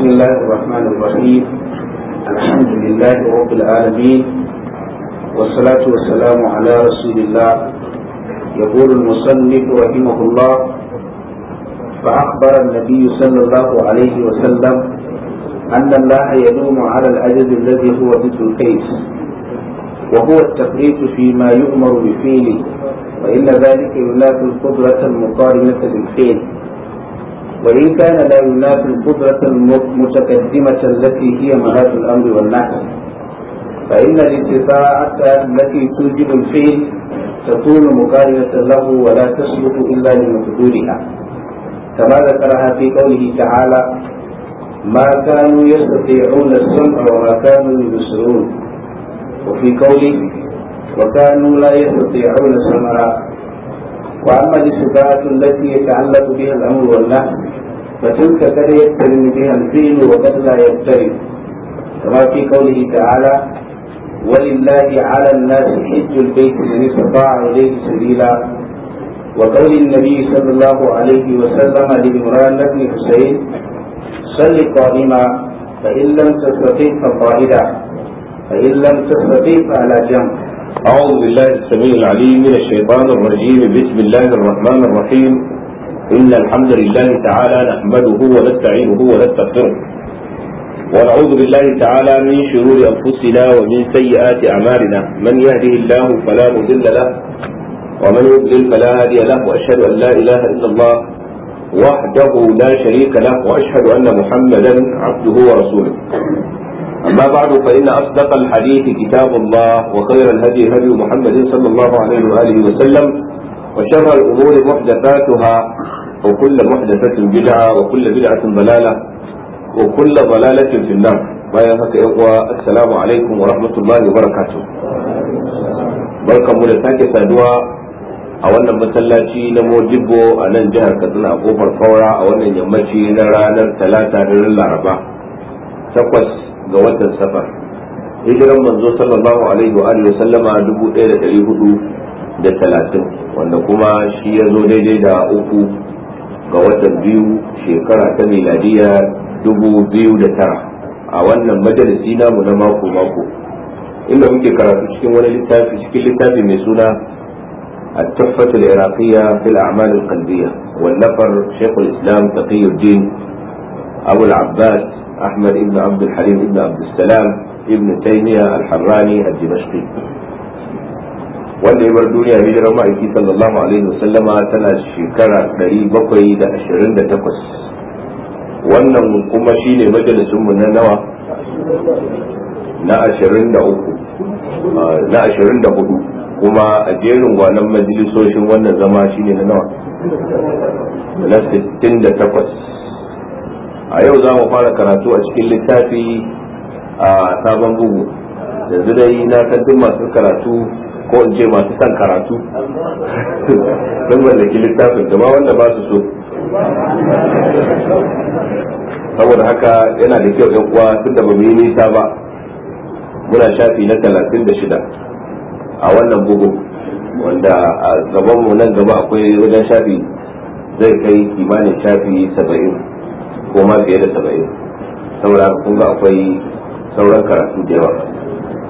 بسم الله الرحمن الرحيم الحمد لله رب العالمين والصلاة والسلام على رسول الله يقول المصنف رحمه الله فأخبر النبي صلى الله عليه وسلم أن الله يدوم على العجز الذي هو ضد الكيس وهو التفريط فيما يؤمر بفعله وإن ذلك يلاقي القدرة المقارنة بالفعل وإن كان لا ينافي القدرة المتقدمة التي هي مهات الأمر والنحو فإن الانتفاعة التي توجب الفيل تكون مقارنة له ولا تصلح إلا لمقدورها كما ذكرها في قوله تعالى ما كانوا يستطيعون السمع وما كانوا يبصرون وفي قوله وكانوا لا يستطيعون السمع وأما الاشتباهات التي يتعلق بها الأمر والنهي فتلك قد يقترن بها الفعل وقد لا يقترن كما في قوله تعالى ولله على الناس حج البيت من استطاع إليه سبيلا وقول النبي صلى الله عليه وسلم لعمران بن حسين صل قائما فإن لم تستطيع فقائدا فإن لم تستطيع فعلى جنب أعوذ بالله السميع العليم من الشيطان الرجيم بسم الله الرحمن الرحيم إن الحمد لله تعالى نحمده ونستعينه ونستغفره ونعوذ بالله تعالى من شرور أنفسنا ومن سيئات أعمالنا من يهده الله فلا مضل له ومن يضلل فلا هادي له وأشهد أن لا إله إلا الله وحده لا شريك له وأشهد أن محمدا عبده ورسوله أما بعد فإن أصدق الحديث كتاب الله وخير الهدي هدي محمد صلى الله عليه وآله وسلم وشر الأمور محدثاتها وكل محدثة بدعة وكل بدعة ضلالة وكل ضلالة في النار bayan haka yawa assalamu alaikum wa rahmatullahi wa barakatuh barkanmu da take saduwa a wannan masallaci na Modibbo a nan jihar Katsina a kofar Kaura a wannan yammaci na ranar Talata da Laraba takwas ga watan safar hijiran manzo sallallahu alaihi wa alihi sallama talatin wanda kuma shi ya zo daidai da uku ga watan biyu shekara ta miladiya tara a wannan majalisi namu na mako mako inda muke karatu cikin wani littafi cikin littafi mai suna التحفة العراقية في الأعمال القلبية wallafar شيخ islam تقي abu al العباس أحمد بن عبد الحليم بن عبد السلام ابن تيمية الحراني الدمشقي wanda ya bar duniya hijirar ma'aiki sallallahu alaihi wasallam tana shekara 728 wannan kuma shine majalisun mu na nawa na 23 ah, na hudu, kuma a jerin gwanan majalisoshin wannan zama shine na nawa na 68 a yau za mu fara karatu a cikin littafi a sabon bugu yanzu dai na san duk masu karatu ko in ce masu san karatu sun mallaki littafin gaba wanda ba su so saboda haka yana da kyau yan uwa tun da ba mu yi nisa ba muna shafi na talatin da shida a wannan bugu wanda a gabanmu nan gaba akwai wajen shafi zai kai kimanin shafi saba'in ko fiye da saba'in saboda haka kun ga akwai sauran karatu da yawa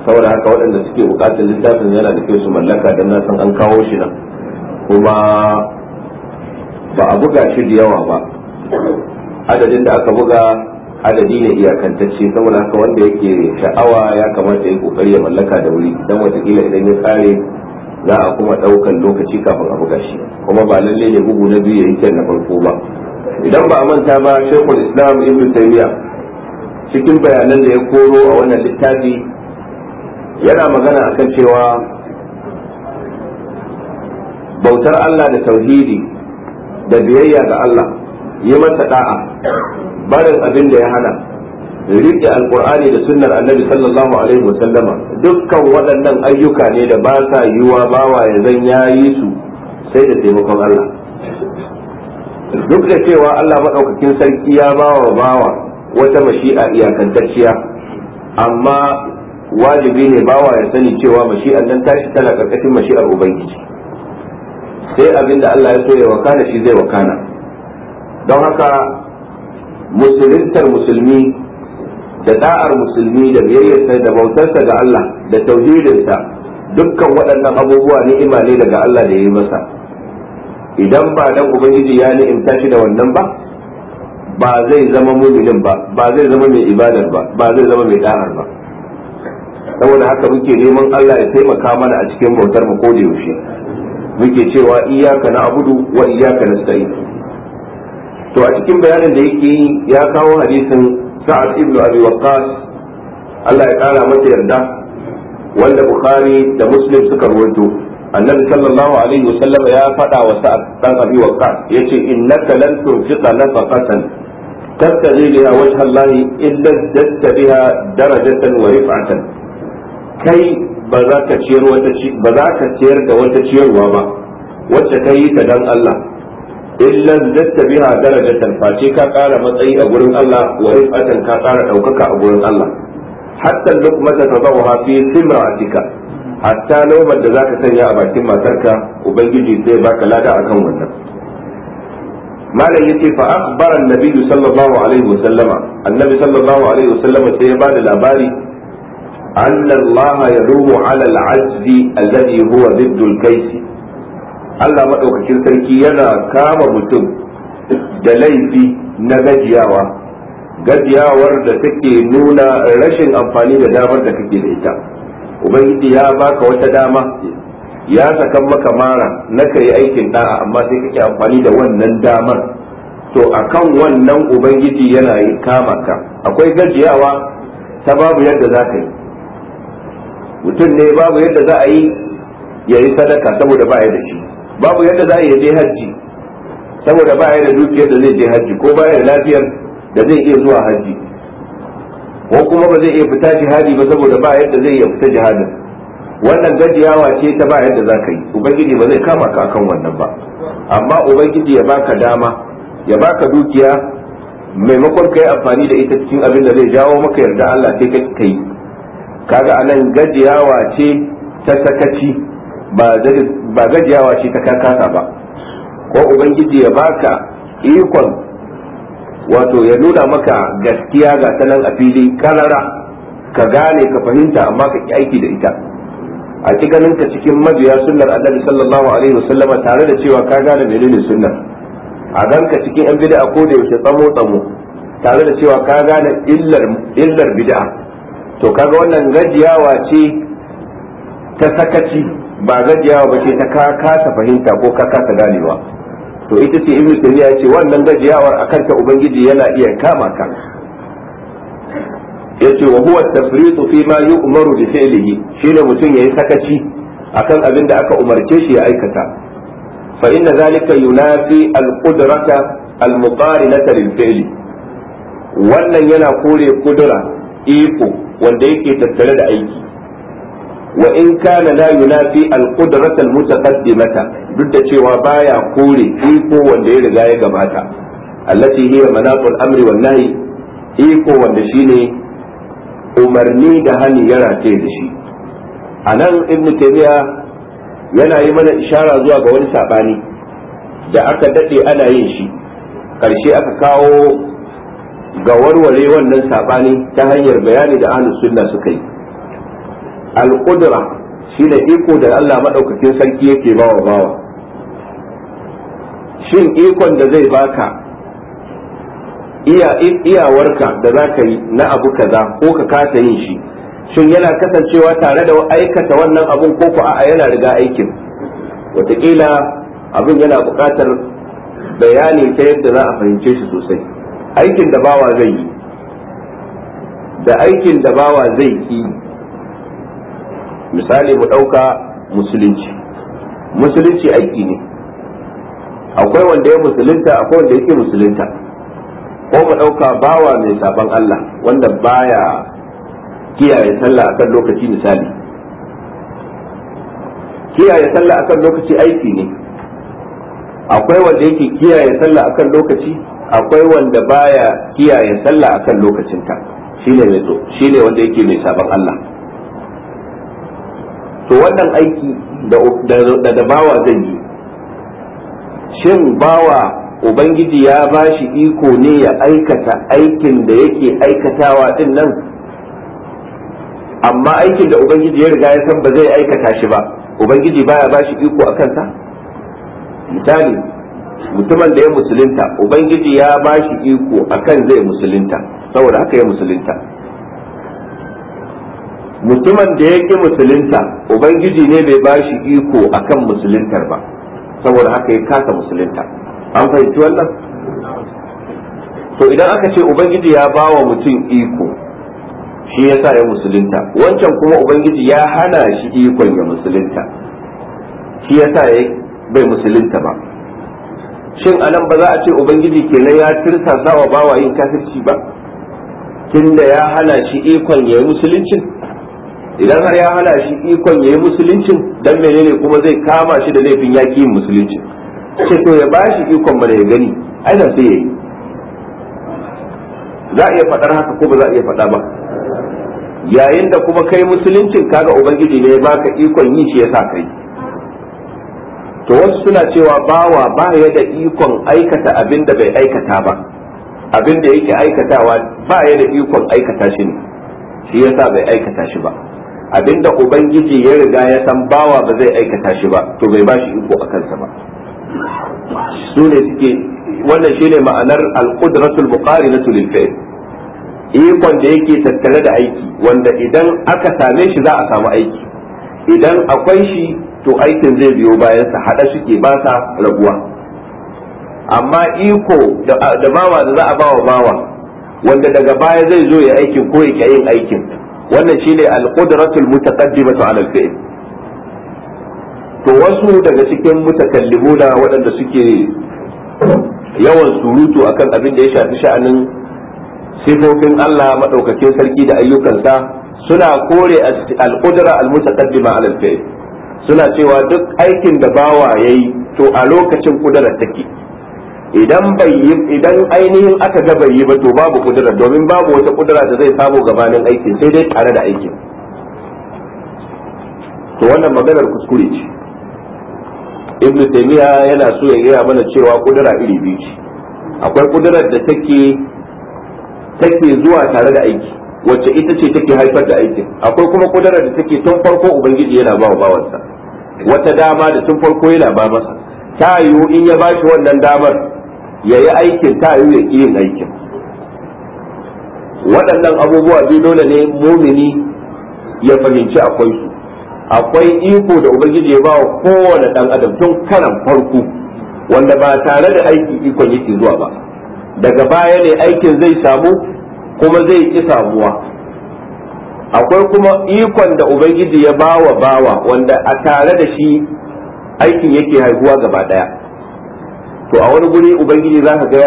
saboda haka waɗanda suke buƙatar littafin yana da kyau su mallaka don na san an kawo shi nan kuma ba a buga shi da yawa ba adadin da aka buga adadi ne iyakantacce saboda haka wanda yake sha'awa ya kamata ya kokari ya mallaka da wuri don watakila idan ya kare za a kuma ɗaukan lokaci kafin a buga shi kuma ba lalle ne bugu na biyu ya yi kyan na farko ba idan ba a manta ba shekul islam ibn taymiya cikin bayanan da ya koro a wannan littafi yana magana akan cewa bautar Allah da tauhidi da biyayya ga Allah yi masa da'a barin abin da ya hana riƙe alƙur'ani da sunnar annabi sallallahu alaihi wasallama dukkan waɗannan ayyuka ne da ba sa yiwa bawa ya zan yayi su sai da taimakon Allah duk da cewa Allah maɗaukakin sarki ya ba wa bawa wata mashi'a iyakantacciya amma wajibi ne bawa ya sani cewa mashi'an nan tashi tana karkashin mashi'ar ubangiji sai abin da Allah ya so ya wakana shi zai wakana don haka musulintar musulmi da da'ar musulmi da biyayyarsa da bautarsa ga Allah da tauhidinsa dukkan waɗannan abubuwa ni'ima ne daga Allah da ya yi masa idan ba dan ubangiji ya ni'imta shi da wannan ba ba zai zama muminin ba ba zai zama mai ibadar ba ba zai zama mai da'ar ba saboda haka muke neman Allah ya taimaka mana a cikin bautar mu ko yaushe muke cewa iyyaka na'budu wa iyyaka nasta'in to a cikin bayanin da yake yi ya kawo hadisin sa'ad ibn abi waqqas Allah ya kara masa yarda wanda bukhari da muslim suka rawaito annabi sallallahu alaihi wa wasallam ya faɗa wa sa'ad dan abi waqqas yace innaka lan tunfiqa nafaqatan tabtaghi biha wajha Allah illa zadta biha darajatan wa rif'atan kai ba za ka ciyar wata ba za ka ciyar da wata ciyarwa ba wacce kai yi ta dan Allah illa zadta biha darajatan face ka ƙara matsayi a gurin Allah wa rif'atan ka ƙara ɗaukaka a gurin Allah hatta luqmata tadawha fi simra'atika hatta lomar da za ka sanya a bakin matarka ubangiji zai baka lada akan wannan malam yace fa akhbara annabi sallallahu alaihi wa sallama annabi sallallahu alaihi wa sallama sai ya bada labari anna Allah yadumu ala al-ajz alladhi huwa ziddu al Allah madaukakin sarki yana kama mutum da laifi na gajiyawa gajiyawar da take nuna rashin amfani da damar da kake da ita ubangiji ya baka wata dama ya sakan maka mara na kai aikin da'a amma sai kake amfani da wannan damar to akan wannan ubangiji yana yi kama ka akwai gajiyawa ta babu yadda za ka yi mutum ne babu yadda za a yi ya yi sadaka saboda ba da shi babu yadda za a yi ya je hajji saboda ba da dukiyar da zai je hajji ko ba da lafiyar da zai iya zuwa hajji ko kuma ba zai iya fita jihadi ba saboda ba yadda zai iya fita jihadin wannan gajiyawa ce ta ba yadda za ka yi ubangiji ba zai kama ka akan wannan ba amma ubangiji ya baka dama ya baka dukiya maimakon ka yi amfani da ita cikin abin da zai jawo maka yarda Allah sai ka yi kaga anan gajiyawa ce ta sakaci ba gajiyawa ce ta karkasa ba ko ubangiji ya baka ikon wato ya nuna maka gaskiya ga ta nan a fili karara ka gane ka fahimta amma ka ki aiki da ita a ki ganin ka cikin mabiya sunnar annabi sallallahu alaihi wasallama tare da cewa ka gane menene sunnar a gan ka cikin yan bid'a ko da yaushe tsamo tsamo tare da cewa ka gane illar illar bid'a to kaga wannan gajiyawa ce ta sakaci ba gajiyawa ba ce ta ka kasa fahimta ko ka kasa ganewa to ita ce ibnu taymiya ya ce wannan gajiyawar a kanta ubangiji yana iya kama ka yace wa huwa tafritu fi ma yu'maru bi fi'lihi shine mutum yayi sakaci akan abin da aka umarce shi ya aikata fa inna zalika yunafi al-qudrata al-muqarinata lil fi'li wannan yana kore kudura iko wanda yake tattare da aiki wa in kana la yunafi al-qudrat al-mutaqaddimata duk da cewa baya kore iko wanda ya riga ya gabata allati hiya manaqul amri wan nahi iko wanda shine umarni da hani ya rataye da shi anan ibn taymiya yana yi mana ishara zuwa ga wani sabani da aka dade ana yin shi karshe aka kawo ga warware wannan sabani ta hanyar bayani da ahlus sunna suka yi alƙudura shi shine iko da Allah maɗaukakin sarki yake bawa bawa shin ikon da zai baka iyawarka da za ka yi na abu kaza ko ka kasa yin shi shin yana kasancewa tare da aikata wannan abun ko ku a yana riga aikin wataƙila abin yana buƙatar bayani ta yadda za a fahimce shi sosai aikin da bawa zai yi da aikin da bawa zai yi misali mu ɗauka musulunci musulunci aiki ne akwai wanda ya musulunta akwai wanda yake musulunta ko mu ɗauka bawa mai saban Allah wanda baya kiyaye sallah akan lokaci misali kiyaye sallah akan lokaci aiki ne akwai wanda yake kiyaye sallah akan lokaci akwai wanda baya kiyaye sallah akan lokacinta shine mai shine wanda yake mai saban Allah to wannan aiki da da bawa zai yi shin bawa ubangiji ya ba shi iko ne ya aikata aikin da yake aikatawa din nan amma aikin da ubangiji ya riga ya san ba zai aikata shi ba ubangiji baya ba shi iko a kanta? misali mutumin da ya musulunta ubangiji ya ba shi iko akan zai musulunta saboda haka ya musulunta mutumin da yake musulunta ubangiji ne bai ba shi iko akan musuluntar ba saboda haka ya kasa musulunta an fahimci wannan to idan aka ce ubangiji ya ba wa mutum iko shi ya sa ya musulunta wancan kuma ubangiji ya hana shi ikon ya musulunta shi ya sa ya bai musulunta ba shin anan ba za a ce ubangiji kenan ya tirsasa wa bawa yin kafirci ba tunda ya hana shi ikon ya yi musuluncin idan har ya hana shi ikon yayi musuluncin dan menene kuma zai kama shi da laifin yaki musuluncin ce to ya bashi ikon mana ya gani ai da sai yayi za a iya faɗar haka ko ba za a iya faɗa ba yayin da kuma kai musuluncin kaga ubangiji ne ya baka ikon yi shi yasa kai to wasu suna cewa bawa ba ya da ikon aikata abin da bai aikata ba abin da yake aikatawa ba ya da ikon aikata shi ne shi yasa bai aikata shi ba abinda ubangiji ya riga ya san bawa ba zai aikata shi ba to bai ba shi iko a kansa ba su ne suke wannan shine ma'anar al-qudratul na lil fi'l ikon da yake tattare da aiki wanda idan aka same shi za a samu aiki idan akwai shi to aikin zai biyo bayan sa hada ke ba sa rabuwa amma iko da bawa da za a bawa bawa wanda daga baya zai zo ya aikin ko ya yin aikin wannan shine al-qudratul mutaqaddimatu ala al-fi'l to wasu daga cikin mutakallimuna waɗanda suke yawan surutu akan abin da ya shafi sha'anin sifofin Allah madaukakin sarki da ayyukansa suna kore al-qudra al-mutaqaddima ala al-fi'l suna cewa duk aikin da bawa yayi to a lokacin kudarar take idan bai yi idan ainihin aka ga bai yi ba to babu kudura domin babu wata kudura da zai samu gabanin aikin sai dai tare da aikin to wannan maganar kuskure ce ibnu taymiya yana so ya gaya mana cewa kudura iri biyu ce akwai kudurar da take take zuwa tare da aiki wacce ita ce take haifar da aikin akwai kuma kudurar da take tun farko ubangiji yana ba wa bawansa wata dama da tun farko yana ba masa ta yiwu in ya bashi wannan damar ya yi aikin ta yi ya yin aikin waɗannan abubuwa biyu dole ne mumini ya fahimci akwai su akwai iko da ubangiji ya ba wa kowane ɗan adam tun karan farko wanda ba tare da aiki ikon yake zuwa ba daga baya ne aikin zai samu kuma zai ƙi samuwa akwai kuma ikon da ubangiji ya bawa bawa wanda a tare da shi aikin yake haihuwa gaba ɗaya to a wani guri ubangiji zaka ga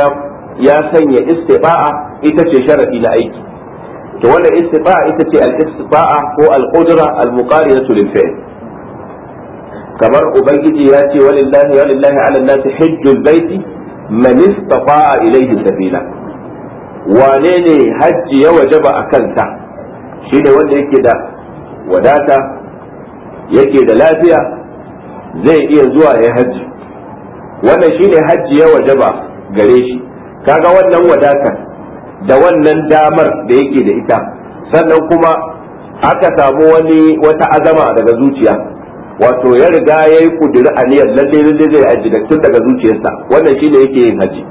ya sanya istifa'a ita ce sharadi na aiki to wannan istifa'a ita ce al-istifa'a ko al-qudra al-muqariyatu lil fi'l kamar ubangiji ya ce walillahi walillahi ala nasi hajjul baiti man istata'a ilayhi sabila wane ne hajji ya wajaba a kanta shine wanda yake da wadata yake da lafiya zai iya zuwa ya hajji wannan shine hajji ya ba gare shi kaga wannan wadatar da wannan damar da yake da ita sannan kuma aka samu wani wata azama daga zuciya wato ya riga ya yi kudiri aniyar lalle lalle zai haji da tun daga zuciyarsa wannan shine yake yin haji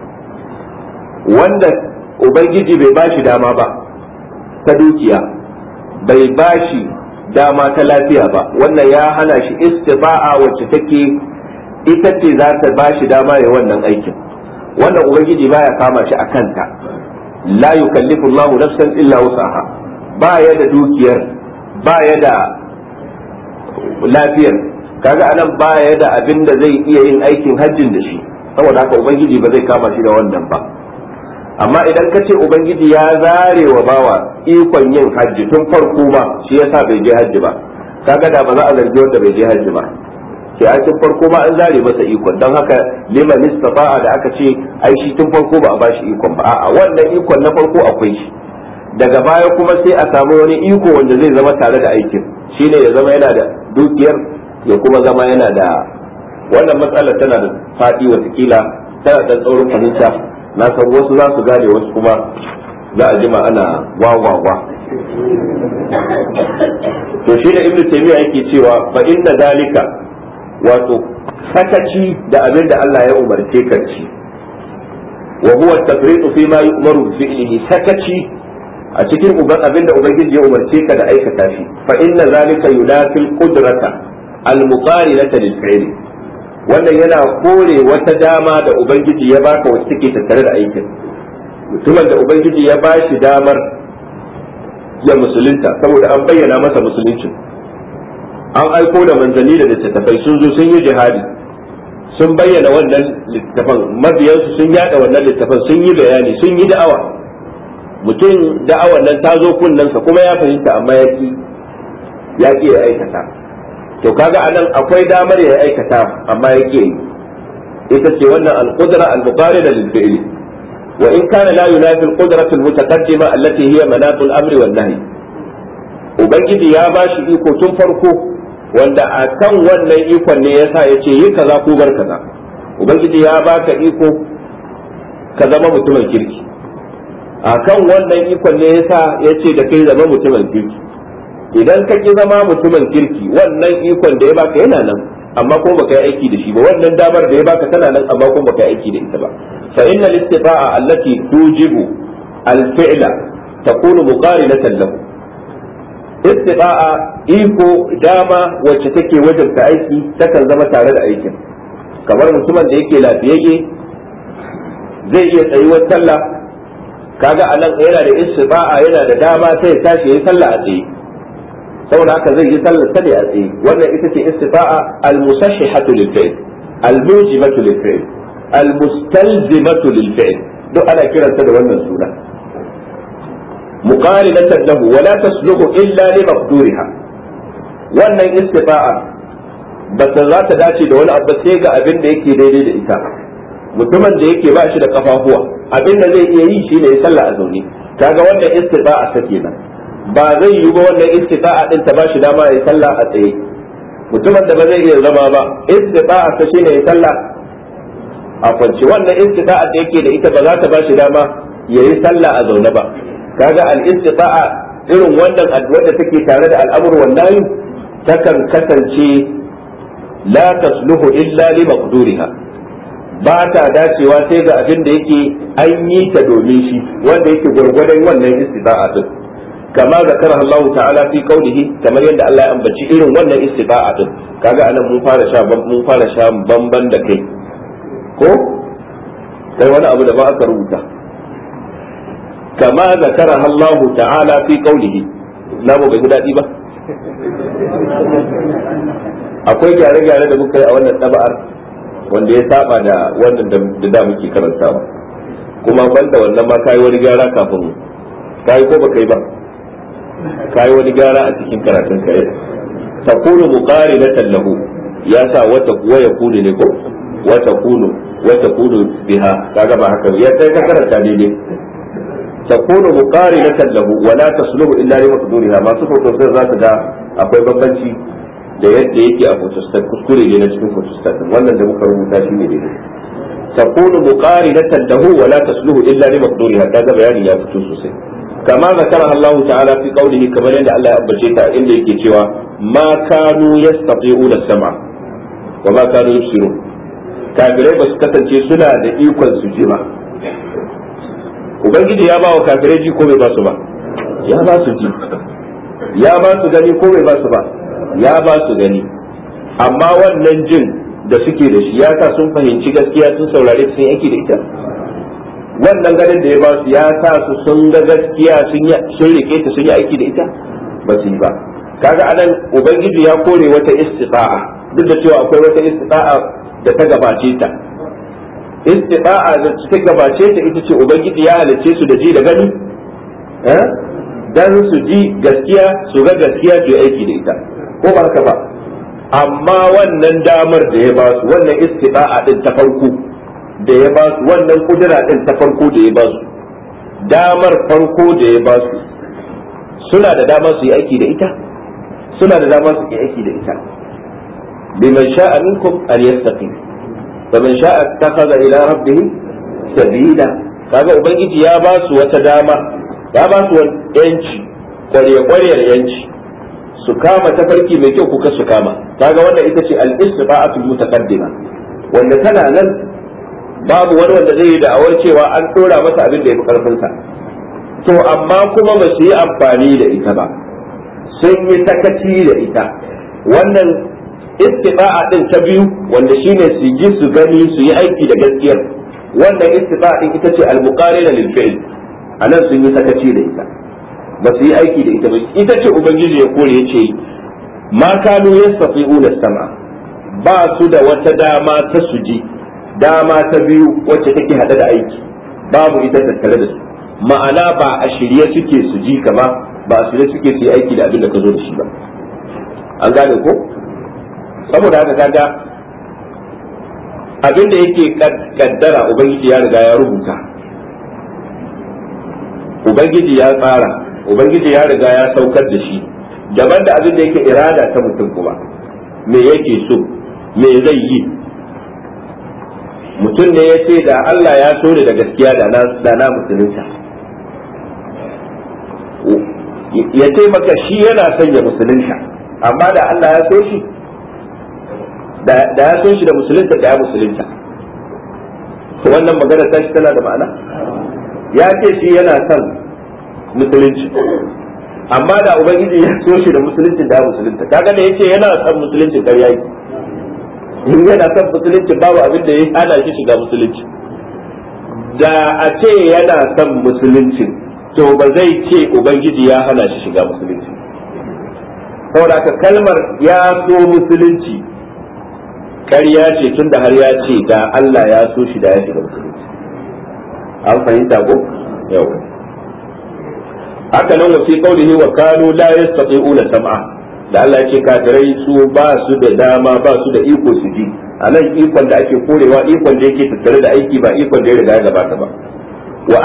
wanda ubangiji bai bashi dama ba ta dukiya bai bashi dama ta lafiya ba wannan ya hana shi istifa'a wacce take ita ce za ta ba shi dama ya wannan aikin wannan ubangiji baya kama shi a kanta la yukallifu Allahu nafsan illa wusaha ba ya da dukiyar ba ya da lafiyar kaga anan ba ya da abin da zai iya yin aikin hajjin da shi saboda haka ubangiji ba zai kama shi da wannan ba amma idan ka ce ubangiji ya zare wa bawa ikon yin hajji tun farko ba shi yasa bai je hajji ba kaga da ba za a zargi wanda bai je hajji ba sai a tun farko ma an zare masa ikon don haka liman istata'a da aka ce ai shi tun farko ba a bashi ikon ba a'a wannan ikon na farko akwai shi daga baya kuma sai a samu wani iko wanda zai zama tare da aikin shine ya zama yana da dukiyar ya kuma zama yana da wannan matsalar tana da faɗi watakila tana da tsaurin fahimta na san wasu za su gane wasu kuma za a jima ana wawawa to shi da ibnu taymiya yake cewa fa inna zalika wato sakaci da abin da Allah ya umarce ka ci wa huwa tafriqu fi ma yu'maru fi'lihi sakaci a cikin uban abin da ubangiji ya umarce ka da aikata shi fa inna zalika yudafil qudrata al-muqarinata lil wannan yana kore wata dama da ubangiji ya baka wacce take tattare da aikin mutumin da ubangiji ya bashi damar ya musulunta saboda an bayyana masa musuluncin an aiko da manzanni da littattafai sun zo sun yi jihadi sun bayyana wannan littafan mabiyansu sun yada wannan littafan sun yi bayani sun yi da'awa mutum da'awa nan ta zo kunnansa kuma ya fahimta amma ya ki ya ki ya aikata to kaga anan akwai damar ya aikata amma ya ki ita ce wannan al-qudra al da lil fi'li wa in kana la yunafi al-qudra al-mutaqaddima allati hiya manat al-amri wal nahy ubangiji ya bashi iko tun farko wanda a kan wannan ikon ne yasa ya ce yi kaza ko bar kaza ubangiji ya baka iko ka zama mutumin kirki a kan wannan ikon ne yasa ya ce da kai zama mutumin kirki idan ka ki zama mutumin kirki wannan ikon da ya baka yana nan amma ko baka yi aiki da shi ba wannan damar da ya baka tana nan amma ko baka yi aiki da ita ba fa innal istita'a allati tujibu al-fi'la takunu muqarinatan lahu istifa'a iko dama wacce take ta aiki takan zama tare da aikin kamar mutumin da yake lafiyayye zai iya tsayuwar sallah kaga a nan yana da istifa'a yana da dama sai tashi yayi sallah a tsaye saboda haka zai yi sallar ta ne a tsaye wannan ita ce istifa'a al-musashihatu lil fi'l al-mujibatu lil fi'l al-mustalzimatu lil fi'l duk ana kiranta da wannan suna muqarilatan lahu wa la tasluhu illa li maqduriha wannan istifa'a ba ta za ta dace da wani abu sai ga abin da yake daidai da ita mutumin da yake ba shi da kafafuwa abin zai iya yi shine ya sallah a zaune kaga wannan istifa'a ta kenan ba zai yi ba wannan istifa'a din ta ba shi dama ya a tsaye mutumin da ba zai iya zama ba ya a wannan istifa'a da yake da ita ba za ta ba shi dama ya yi sallah a zaune ba kaga al-istita'a irin wannan addu'a da take tare da al'amur wallahi takan kasance la tasluhu illa li maqduriha ba ta dacewa sai ga abin da yake an yi ta domin shi wanda yake gurgurdan wannan istiba'a din kama zakara Allah ta'ala fi qawlihi kamar yadda Allah ya ambaci irin wannan istiba'a din kaga anan mun fara sha mun fara sha bamban da kai ko sai wani abu da ba aka rubuta kama zakaraha Allahu ta'ala fi qawlihi na mu bai dadi ba akwai gyare-gyare da muka yi a wannan tabar wanda ya saba da wannan da da muke karantawa kuma banda wannan ma kai wani gyara kafin kai ko baka yi ba kai wani gyara a cikin karatun ka yau taqulu muqarinatan lahu ya sa wata kuwa ya kunu ne ko wata kunu wata kunu biha kaga ba haka ya sai ka karanta ne takunu muqarinatan lahu wa la tasluhu illa li maqduriha masu protestant za ka ga akwai bambanci da yadda yake a protestant kuskure ne na cikin protestant wannan da muka rubuta shi ne daidai takunu muqarinatan lahu wa la tasluhu illa li maqduriha kaga bayani ya fito sosai kama zakara Allah ta'ala fi qawlihi kamar yadda Allah ya ambace ta inda yake cewa ma kanu yastati'una sam'a wa ma kanu yusirun kafirai ba su kasance suna da ikon su ji ba ubangiji ya ba wa kafirai ji ko bai ba su ba ya ba su ji ya ba su gani ko bai ba su ba ya ba su gani amma wannan jin da suke da shi ya sa sun fahimci gaskiya sun saurare sun yake da ita wannan ganin da ya ba su ya sa su sun ga gaskiya sun rike ta sun yi aiki da ita ba su yi ba kaga anan ubangiji ya kore wata istifa'a duk da cewa akwai wata istifa'a da ta gabace ta istida'a da ta gabace ta ita ce ubangiji ya halicce su da ji da gani eh? dan su ji gaskiya su ga gaskiya su aiki da ita ko ba haka ba amma wannan damar da ya ba su wannan istida'a din ta farko da ya ba su wannan kudura din ta farko da ya ba su damar farko da ya ba su suna da dama su yi aiki da ita suna da damar su yi aiki da ita man sha'a minkum al yastaqim fa man sha'a takhadha ila rabbih sabila kaga ubangiji ya ba su wata dama ya ba su yanci kware kwarewar yanci su kama tafarki mai kyau kuka su kama kaga wannan ita ce al-istifa'atul mutaqaddima wanda tana nan babu wani wanda zai yi da'awar cewa an dora masa abin da ya fi karfin sa to amma kuma ba su yi amfani da ita ba sun yi sakaci da ita wannan istifa'a din ta biyu wanda shine su ji su gani su yi aiki da gaskiyar wannan istifa'a din ita ce al da lil fi'l anan sun yi sakaci da ita ba su yi aiki da ita ba ita ce ubangiji ya kore ya ce ma kanu yastati'una sama ba su da wata dama ta suji dama ta biyu wacce take hada da aiki babu ita tattare da su ma'ana ba a shirye suke su ji ka ba ba a shirye suke su yi aiki da abin da ka zo da shi ba an gane ko saboda haka kaga abin da yake kaddara ubangiji ya riga ya rubuta ubangiji ya tsara ubangiji ya riga ya saukar da shi daban da abin da yake irada ta mutum kuma me yake so me zai yi mutum ne ya ce da Allah ya so da gaskiya da na musulunta ya ce maka shi yana sanya musulunta amma da Allah ya so shi da ya son shi da musulunta da ya musulunta wannan magana ta shi tana da ma'ana ya ce shi yana son musulunci amma da ubangiji ya so shi da musulunci da ya musulunta kaga da yace yana son musulunci kar yayi in yana son musulunci babu abin da ya hana shi shiga musulunci da a ce yana son musulunci to ba zai ce ubangiji ya hana shi shiga musulunci saboda haka kalmar ya so musulunci kariya ce tun da har ya ce da Allah ya so shi da ya shiga musulunci an fahimta ko yau haka nan wasi kaulihi wa kanu la yastati'una sam'a da Allah ya ce kafirai su ba su da dama ba su da iko su ji a nan ikon da ake korewa ikon da yake tattare da aiki ba ikon da ya riga ya gabata ba fa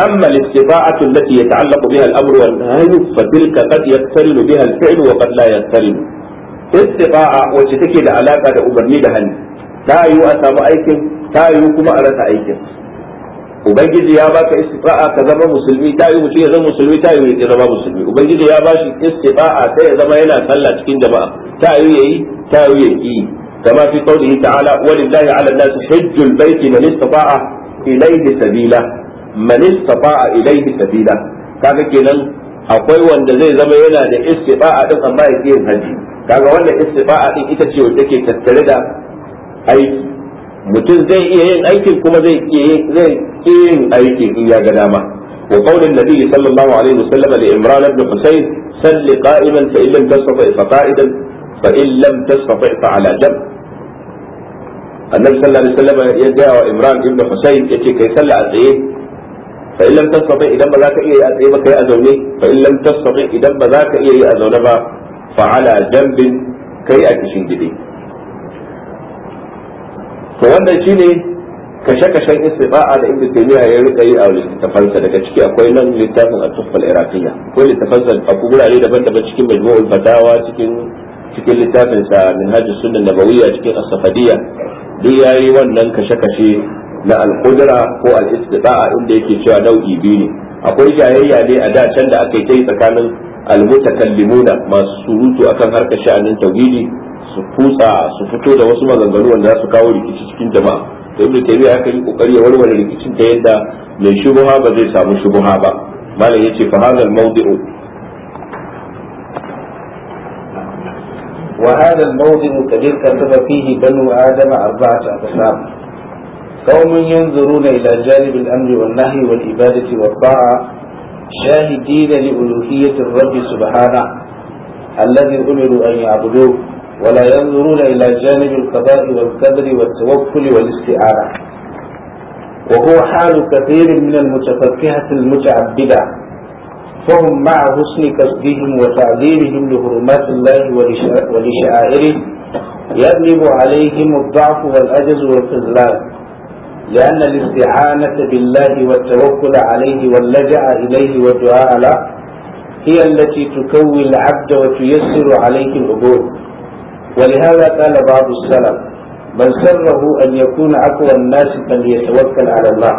tilka qad يتعلق biha al-fi'lu wa qad la بها الفعل wacce take da alaka da umarni da hali ta yiwu a samu aikin ta yiwu kuma a rasa aikin ubangiji ya baka istifa'a ka zama musulmi ta yiwu mutum ya zama musulmi ta yiwu ya zama musulmi ubangiji ya bashi istifa'a sai ya zama yana sallah cikin jama'a ta yiwu yayi ta yiwu ya yi kama fi qawlihi ta'ala walillahi 'ala an-nas hajjul bayti man istata'a ilayhi sabila man istata'a ilayhi sabila kaga kenan akwai wanda zai zama yana da istifa'a din amma ya yin haji kaga wannan istifa'a din ita ce wacce take tattare da aiki mutum zai iya yin aikin kuma zai iya yin aikin in ya ga dama wa qaulin nabi sallallahu alaihi wasallam li imran ibn husayn salli qa'iman fa illam tastati fa qa'idan fa illam tastati fa ala jam annabi sallallahu alaihi wasallam ya ga wa imran ibn husayn yace kai salla a tsaye fa illam tastati idan ba za ka iya yi a tsaye ba kai a zaune fa illam tastati idan ba za ka iya yi a zaune ba fa ala jambin kai a kishin gidi to wannan shine kashe-kashen istifa'a da inda taymiya ya rika yi a littafansa daga ciki akwai nan littafin a tuffal iraqiyya ko littafansa a gurare daban-daban cikin majmu'ul fatawa cikin cikin littafin sa hajji sunan nabawiyya cikin as-safadiyya ya yi wannan kashe-kashe na al ko al-istifa'a inda yake cewa nau'i biyu ne akwai jayayya ne a da can da aka yi tsakanin al-mutakallimuna masu surutu akan harkar sha'anin tauhidi su kutsa su fito da wasu maganganu wanda su kawo rikici cikin jama'a to ibnu taymiya ya yi kokari ya warware rikicin ta yadda mai shubuha ba zai samu shubuha ba malam yace fa hada al-mawdi'u وهذا الموضع الذي كتب فيه بنو آدم أربعة أقسام قوم ينظرون إلى جانب الأمر والنهي والإبادة والطاعة شاهدين لألوهية الرب سبحانه الذي أمروا أن يعبدوه ولا ينظرون إلى جانب القضاء والقدر والتوكل والاستعارة وهو حال كثير من المتفكهة المتعبدة فهم مع حسن قصدهم وتعذيرهم لحرمات الله ولشعائره يغلب عليهم الضعف والعجز والخذلان لأن الاستعانة بالله والتوكل عليه واللجأ إليه والدعاء له هي التي تكوي العبد وتيسر عليه الأمور ولهذا قال بعض السلف من سره أن يكون أقوى الناس فليتوكل على الله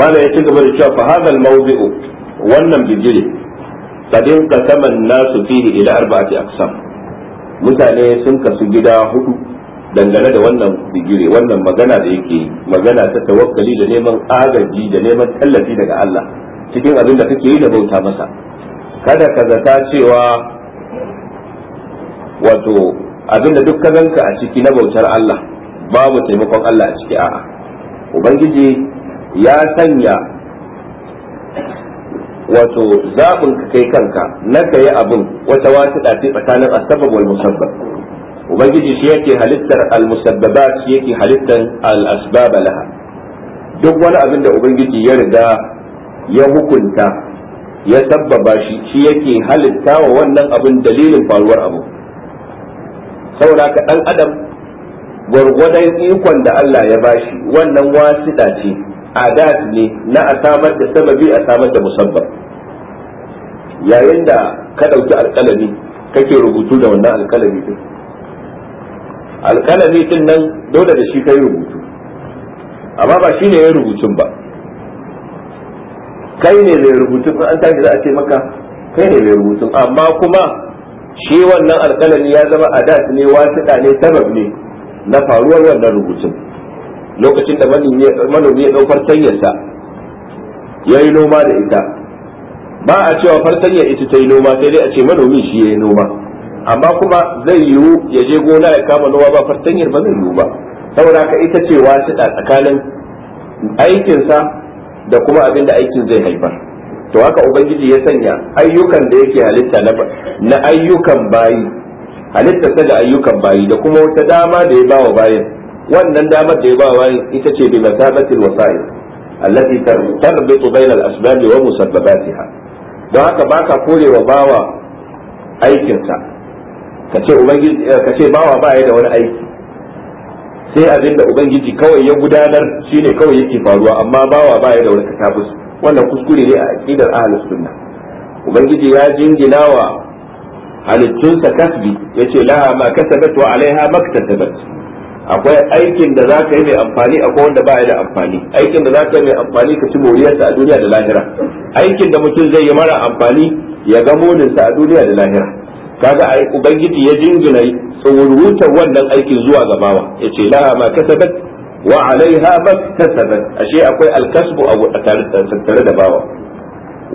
ما لا يتقبل الشافة هذا الموضع ولم بجري قد انقسم الناس فيه إلى أربعة أقسام mutane sun kasu gida hudu dangane da wannan bigire wannan magana da yake magana ta tawakkali da neman agaji da neman tallafi daga Allah cikin abin da kake yi da bauta masa kada ka zata cewa wato abinda duk ka zanka a ciki na bautar Allah babu taimakon Allah a ciki a'a ubangiji ya sanya wato zaɓin ka kai kanka na ka yi abin wata wata ɗafi tsakanin asabab wal musabbab ubangiji shi yake halittar al musabbabat shi yake halittar al asbab laha duk wani abin da ubangiji ya riga ya hukunta ya sabbaba shi shi yake halitta wa wannan abin dalilin faruwar abu saboda ka dan adam gwargwadon ikon da Allah ya bashi wannan wasiɗa ce adat ne na a samar da sababi a samar da musabbab yayin da ka ɗauki alƙalami kake rubutu da wannan alƙalami din alƙalami din nan dole da shi kai rubutu amma ba shi ne ya rubutun ba kai ne mai rubutun an tashi za a ce maka kai ne mai rubutun amma kuma shi wannan alƙalami ya zama adat ne wasiɗa ne sabab ne na faruwar wannan rubutun lokacin da manomi ya ɗaukar tanyarsa ya yi noma da ita ba a cewa fartanyar ita ta yi noma sai dai a ce manomi shi ya yi noma amma kuma zai yiwu ya je gona ya kama noma ba fartanyar ba zai yiwu ba saboda haka ita ce wasiɗa tsakanin aikinsa da kuma abin da aikin zai haifar to haka ubangiji ya sanya ayyukan da yake halitta na ayyukan bayi halitta da ayyukan bayi da kuma wata dama da ya bawa bayin wannan damar da ya bawa bayin ita ce bi masabatil wasail allati tarbitu bayna al-asbab wa musabbabatiha don haka baka korewa bawa aikinsa ka ce ubangiji eh, ka ce bawa ba ya da wani aiki sai abin da ubangiji kawai ya gudanar shine kawai yake faruwa amma bawa baya da wata tabus wannan kuskure ne a aqidar ahlus sunna ubangiji ya jingina wa halittunsa kasbi yace laha ma kasabat wa alaiha maktasabat akwai aikin da zaka yi mai amfani akwai wanda baya da amfani aikin da zaka yi mai amfani ka ci moriyarsa a duniya da lahira aikin da mutum zai yi mara amfani ya ga sa a duniya da lahira kaga ubangiji ya jingina su wurwutar wannan aikin zuwa ga bawa yace laha ma kasabat wa alaiha ma kasabat ashe akwai alkasbu a tare da bawa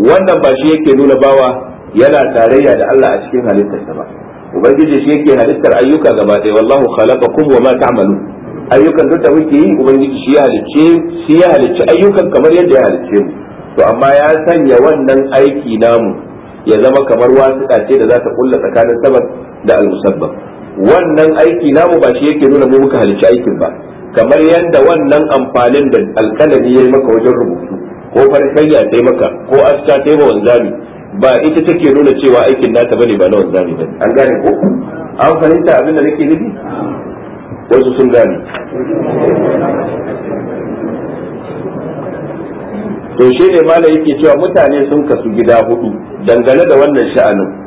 wannan ba shi yake nuna bawa yana tarayya da Allah a cikin halittarsa ba ubangiji shi yake halittar ayyuka gaba ɗaya wallahu khalaqakum wa ma ta'malun ayyukan duk da muke yi ubangiji shi ya halicce shi ya halicce ayyukan kamar yadda ya halicce mu to amma ya sanya wannan aiki namu ya zama kamar wasu ce da za ta kulla tsakanin sabab da al-musabbab wannan aiki namu ba shi yake nuna mu muka halicci aikin ba kamar yadda wannan amfanin da alkalami ya yi maka wajen rubutu ko farfayya ta maka ko aska ta ma wanzami ba ita take nuna cewa aikin nata bane ba na wanzami ba. an gane ko an fahimta abin da nake nufi wasu sun gane to shi ne mala yake cewa mutane sun kasu gida hudu dangane da wannan sha'anin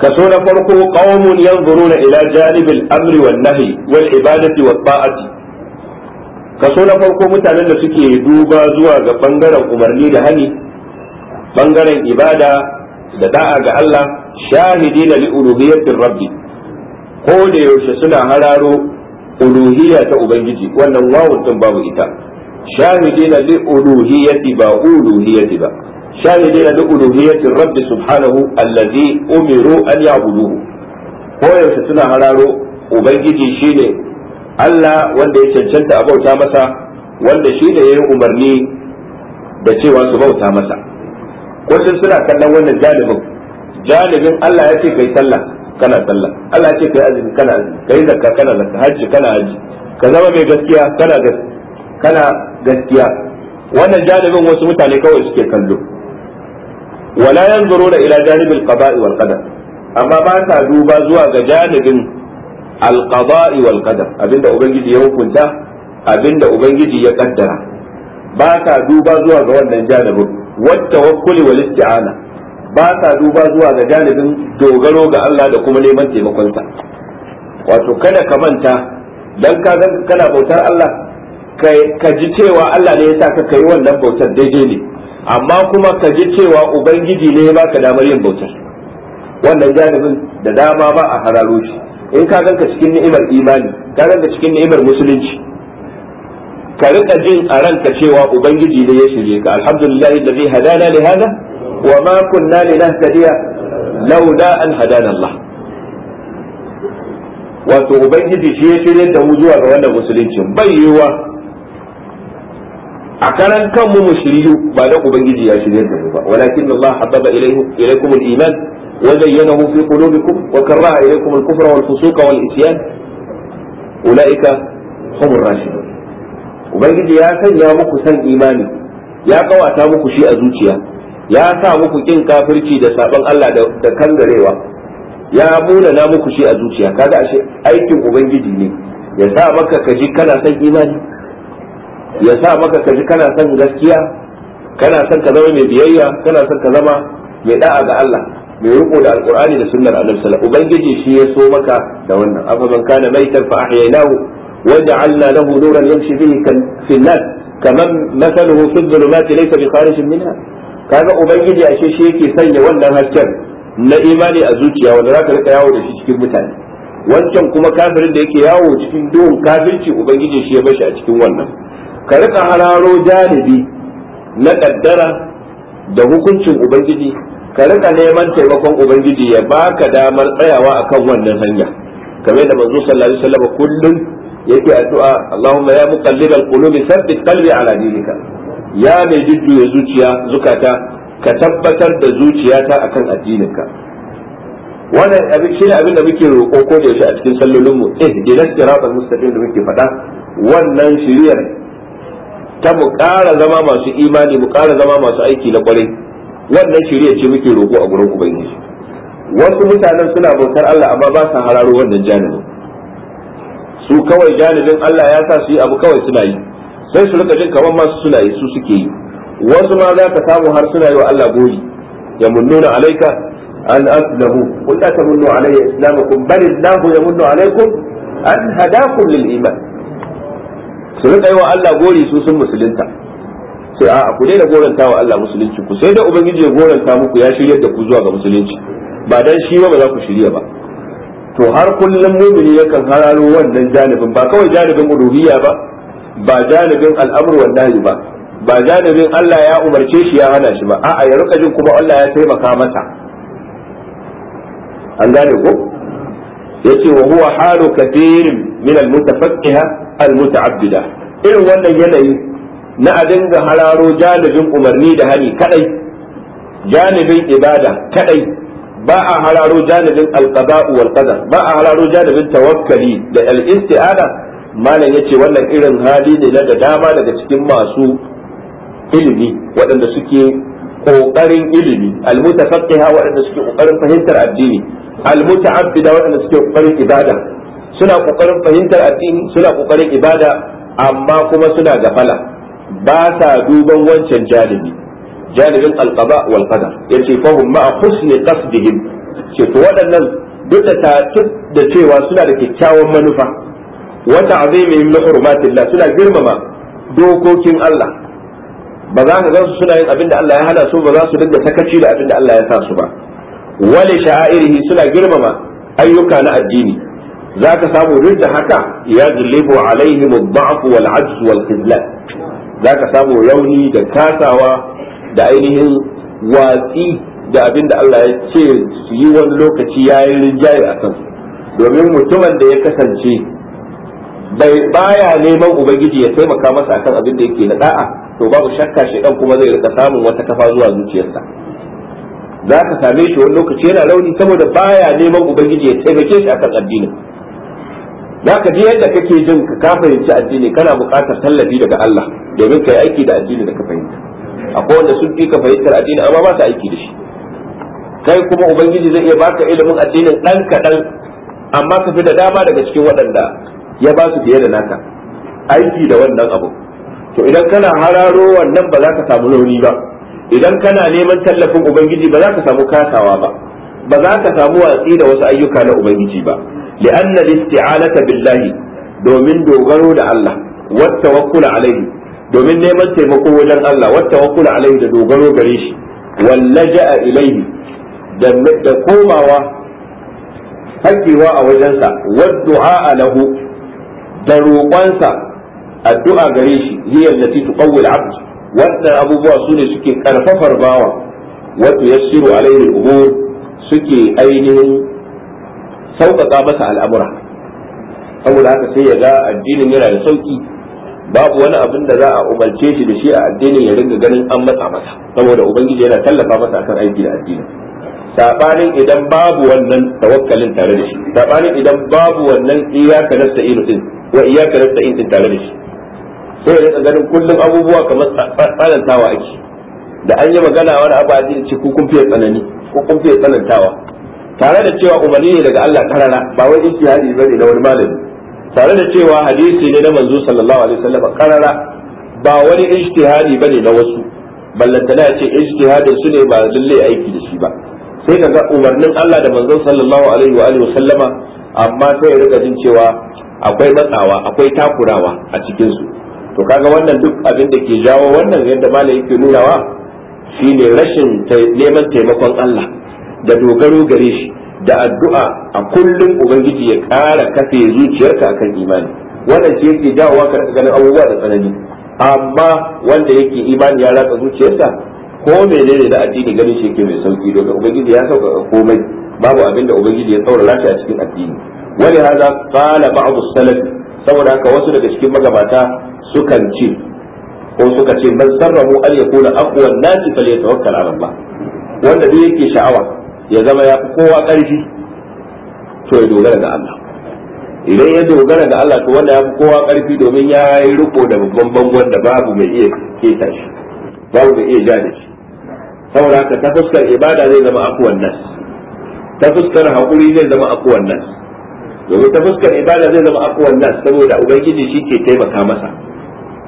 kaso na farko qaumun yanzuruna ila janibil amri wan nahyi wal ibadati wat ta'ati kaso na farko mutanen da suke duba zuwa ga bangaren umarni da hani bangaren ibada da da'a ga Allah shahidina li uluhiyyatir rabbi ko da yaushe suna hararo uluhiyya ta ubangiji wannan tun babu ita shahidina li uluhiyyati ba uluhiyyati ba shahidina li uluhiyyati rabbi subhanahu allazi umiru an ya'buduhu ko yaushe suna hararo ubangiji shine Allah wanda ya cancanta a bauta masa wanda shine yayin umarni da cewa su bauta masa kullum suna kallon wannan jalibin jalibin Allah ya ce kai sallah kana sallah Allah ya ce kai azumi kana azumi kai zakka kana zakka hajji kana hajji ka zama mai gaskiya kana gaskiya kana gaskiya wannan jalibin wasu mutane kawai suke kallo wala yanzuruna ila janibil qada'i wal qadar amma ba ta duba zuwa ga janibin al qada'i wal qadar abinda ubangiji ya hukunta abinda ubangiji ya kaddara ba ta duba zuwa ga wannan janibin wata wakkuli wal isti'ana ba ta duba zuwa ga janibin dogaro ga Allah da kuma neman taimakonsa wato kada ka manta dan ka kana bautar Allah ka ji cewa Allah ne ya sa ka kai wannan bautar daidai ne amma kuma ka ji cewa ubangiji ne ba ka damar yin bautar wannan janibin da dama ba a hararo shi in ka ganka cikin ni'imar imani ka ganka cikin ni'imar musulunci ka rika jin a ranka cewa ubangiji ne ya shirye ka alhamdulillah alladhi hadana li hada wa ma kunna linahtadiya laula an hadana Allah wato ubangiji shi ya shirye da mu zuwa ga wannan musulunci bai yiwuwa. a karan kanmu mu shiryu ba da ubangiji ya shirye da mu ba walakin Allah habbaba ilaykum al-iman wa zayyanahu fi qulubikum wa karraha ilaykum al-kufra wal fusuqa wal isyan ulaika hum ar-rashidun ubangiji ya sanya muku san imani ya kawata muku shi a zuciya ya sa muku kin kafirci da sabon Allah da kangarewa ya na muku shi a zuciya kaga ashe aikin ubangiji ne ya sa maka ka ji kana san imani ya sa maka ka ji kana son gaskiya kana son ka zama mai biyayya kana son ka zama mai da'a ga Allah mai riko da alqur'ani da sunnar annabi sallallahu ubangiji shi ya so maka da wannan afa man kana maitan fa ahyaynahu waja'alna lahu nuran yamshi bihi fil nas kaman mathaluhu fi dhulumati laysa bi kharij minha kaga ubangiji ashe shi yake sanya wannan hasken na imani a zuciya wanda zaka rika yawo da shi cikin mutane wancan kuma kafirin da yake yawo cikin duhun kafirci ubangiji shi ya bashi a cikin wannan ka rika hararo janibi na kaddara da hukuncin ubangiji ka rika neman taimakon ubangiji ya baka damar tsayawa akan wannan hanya kamar da manzo sallallahu alaihi wasallam kullum yake addu'a Allahumma ya muqallibal qulubi thabbit qalbi ala dinika ya mai jujjuya zuciya zukata ka tabbatar da zuciyata akan addininka wannan abin ne abin da muke roƙo ko da shi a cikin sallolin eh ihdinas siratal mustaqim da muke faɗa wannan shiriyar ta mu ƙara zama masu imani mu ƙara zama masu aiki na ƙwarai, wannan shirya ce muke roƙo a gurin ubangiji wasu mutanen suna bautar Allah amma ba sa hararo wannan janibin su kawai janibin Allah ya sa su yi abu kawai suna yi sai su rika jin kamar masu suna yi su suke yi wasu ma za ka samu har suna yi wa Allah goyi ya munnuna alaika an aslahu qul munnu alayya islamakum bal illahu yamunnu alaykum an hadakum lil iman su rika yi wa Allah gori su sun musulunta sai a'a ku daina goranta wa Allah musulunci ku sai da ubangiji ya goranta muku ya shiryar da ku zuwa ga musulunci ba dan shi ba za ku shirya ba to har kullum mumini yakan hararo wannan janibin ba kawai janibin uluhiyya ba ba janibin al'amr wal ba ba janibin Allah ya umarce shi ya hana shi ba a'a ya rika jin kuma Allah ya taimaka masa an gane ko yace wa huwa halu kathirin min almutafaqqiha almuta'abbida irin wannan yanayi na a dinga hararo janibin umarni da hani kadai janibin ibada kadai ba a hararo janibin alqada'u wal ba a hararo janibin tawakkali da al-isti'ana malam yace wannan irin hali ne na da dama daga cikin masu ilimi waɗanda suke ƙoƙarin ilimi almutafaqqiha waɗanda suke ƙoƙarin fahimtar addini abida waɗanda suke ƙoƙarin ibada suna kokarin fahimtar addini suna kokarin ibada amma kuma suna gafala ba sa duban wancan jalibi jalibin alqada wal qadar yace fa hum ma husni qasdihim ce to waɗannan duk da ta da cewa suna da kyakkyawan manufa wa ta'zimi min hurmatillah suna girmama dokokin Allah ba za ka gansu suna yin abin Allah ya hana su ba za su dinga sakaci da abinda Allah ya sa su ba wale sha'irihi suna girmama ayyuka na addini za ka samu duk da haka ya gilibu alaihim ad-da'f wal ajz wal khizlan za ka samu rauni da kasawa da ainihin watsi da abinda Allah ya ce su yi wani lokaci yayin rinjaye a kansu domin mutumin da ya kasance bai baya neman ubangiji ya taimaka masa akan abin da yake na da'a to babu shakka shi dan kuma zai rika samun wata kafa zuwa zuciyarsa za ka same shi wani lokaci yana rauni saboda baya neman ubangiji ya taimake shi akan addini za ka ji yadda kake jin ka ka fahimci addini kana buƙatar tallafi daga Allah domin ka yi aiki da addini da ka fahimta akwai wanda sun fi ka fahimtar addini amma ba su aiki da shi kai kuma ubangiji zai iya baka ilimin addinin ɗan kaɗan amma ka fi da dama daga cikin waɗanda ya ba su fiye da naka aiki da wannan abu to idan kana hararo wannan ba za ka samu launi ba idan kana neman tallafin ubangiji ba za ka samu kasawa ba ba za ka samu watsi da wasu ayyuka na ubangiji ba li'anna al-isti'anata billahi domin dogaro da Allah wa tawakkul alaihi domin neman taimako wajen Allah wa tawakkul alaihi da dogaro gare shi wal laja'a ilaihi da komawa hakewa a wajensa wa du'a lahu da roƙonsa addu'a gare shi hiya allati tuqawwi al-abd abubuwa sune suke karfafar bawa wa tuyassiru alaihi suke ainihin sauƙaƙa masa al'amura saboda haka sai ya ga addinin yana da sauƙi babu wani abin da za a umarce shi da shi a addinin ya ringa ganin an matsa masa saboda ubangiji yana tallafa masa akan aiki da addini sabanin idan babu wannan tawakkalin tare da shi sabanin idan babu wannan iyaka nasta'inu din wa iyaka nasta'in din tare da shi sai ya ganin kullum abubuwa kamar tsanantawa ake da an yi magana wani abu a cikin ko kun fiye tsanani ko kun fiye tsanantawa tare da cewa umarni ne daga Allah karara ba wai ijtihadi bane na wani malami tare da cewa hadisi ne na manzo sallallahu alaihi wasallam karara ba wani ijtihadi bane na wasu ballantana ya ce ijtihadi su ne ba lalle aiki da shi ba sai kaga umarnin Allah da manzo sallallahu alaihi wa alihi wasallama amma sai ya rika jin cewa akwai matsawa akwai takurawa a cikin su to kaga wannan duk abin da ke jawo wannan yadda malami yake nunawa shine rashin neman taimakon Allah da dogaro gare shi da addu'a a kullum ubangiji ya ƙara kafe zuciyarka akan imani wannan ke yake jawowa ka ganin abubuwa da tsanani amma wanda yake imani ya ratsa zuciyarsa ko menene da addini gani shi yake mai sauki domin ubangiji ya sauka komai babu abinda ubangiji ya tsaurara shi a cikin addini wani haza kala ba'adu salafi saboda haka wasu daga cikin magabata sukan ce ko suka ce man sarrafu an yakuna aqwa an ya falyatawakkal ala Allah wanda duk yake sha'awa ya zama ya fi kowa ƙarfi to ya dogara ga Allah idan ya dogara ga Allah to wanda ya fi kowa ƙarfi domin ya yi riko da babban bangon da babu mai iya keta shi babu mai iya jade. shi saboda haka ta fuskar ibada zai zama akuwan nas ta fuskar haƙuri zai zama akuwan nas domin ta fuskar ibada zai zama akuwan nas saboda ubangiji shi ke taimaka masa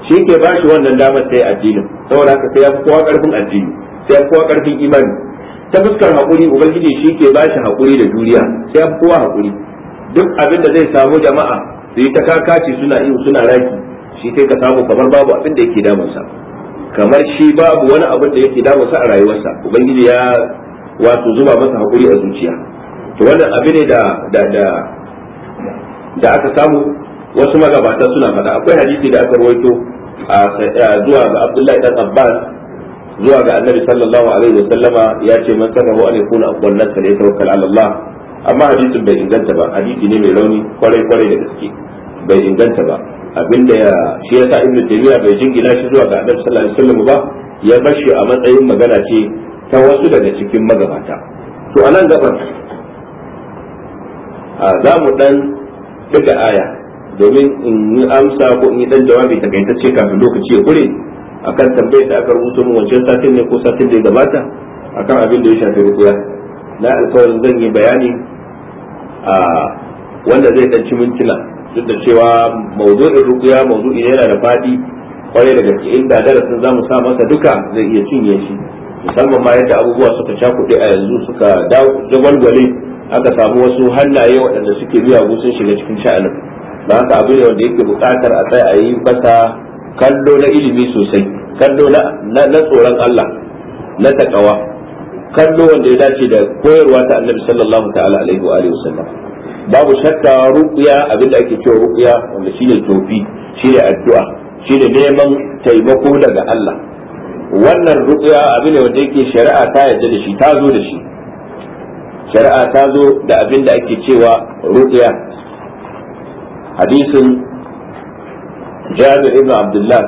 shi ke ba shi wannan damar ta yi addinin saboda haka sai ya fi kowa ƙarfin addini sai ya fi kowa ƙarfin imani ta fuskar hakuri ubangiji shi ke ba shi hakuri da juriya sai an kowa hakuri duk abin da zai samu jama'a su yi ta kakaci suna yi suna raki shi kai ka samu kamar babu abin da yake damunsa kamar shi babu wani abin da yake damunsa a rayuwarsa ubangiji ya wato zuba masa hakuri a zuciya to wannan abin ne da da da da aka samu wasu magabata suna faɗa akwai hadisi da aka rawaito zuwa ga Abdullahi dan Abbas zuwa ga annabi sallallahu alaihi wa sallama ya ce man sarrahu an yakuna aqwal nas fa yatawakkal ala Allah amma hadithin bai inganta ba hadithi ne mai rauni kwarai kwarai da gaske bai inganta ba abinda ya shi yasa ibnu taymiya bai jingina shi zuwa ga annabi sallallahu alaihi wa sallama ba ya shi a matsayin magana ce ta wasu daga cikin magabata to anan gaban za mu dan daga aya domin in amsa ko in yi dan jawabi takaitacce kafin lokaci ya kure akan tambayar da aka rubuta mu wancan satin ne ko satin da ya gabata akan abin da ya shafi rukuya na alkawarin zan yi bayani a wanda zai ɗanci mintuna duk da cewa mawdu'in rukuya mawdu'i yana da faɗi kwarai da gaske inda darasin za mu sa masa duka zai iya cinye shi musamman ma yadda abubuwa suka cakuɗe a yanzu suka jagwalgwale aka samu wasu hannaye waɗanda suke biya sun shiga cikin sha'anin Ba haka abin da wanda yake buƙatar a tsaya a yi masa kallo na ilimi sosai kallo na tsoron Allah na takawa kallo wanda ya dace da koyarwa ta annabi sallallahu ta'ala alaihi wa alihi wasallam babu shakka ruqya abinda ake cewa ruqya wanda shine tofi shine addu'a shine neman taimako daga Allah wannan ruqya abin da wanda yake shari'a ta yarda da shi ta zo da shi shari'a ta zo da abin da ake cewa ruqya hadisin jabir ibn abdullah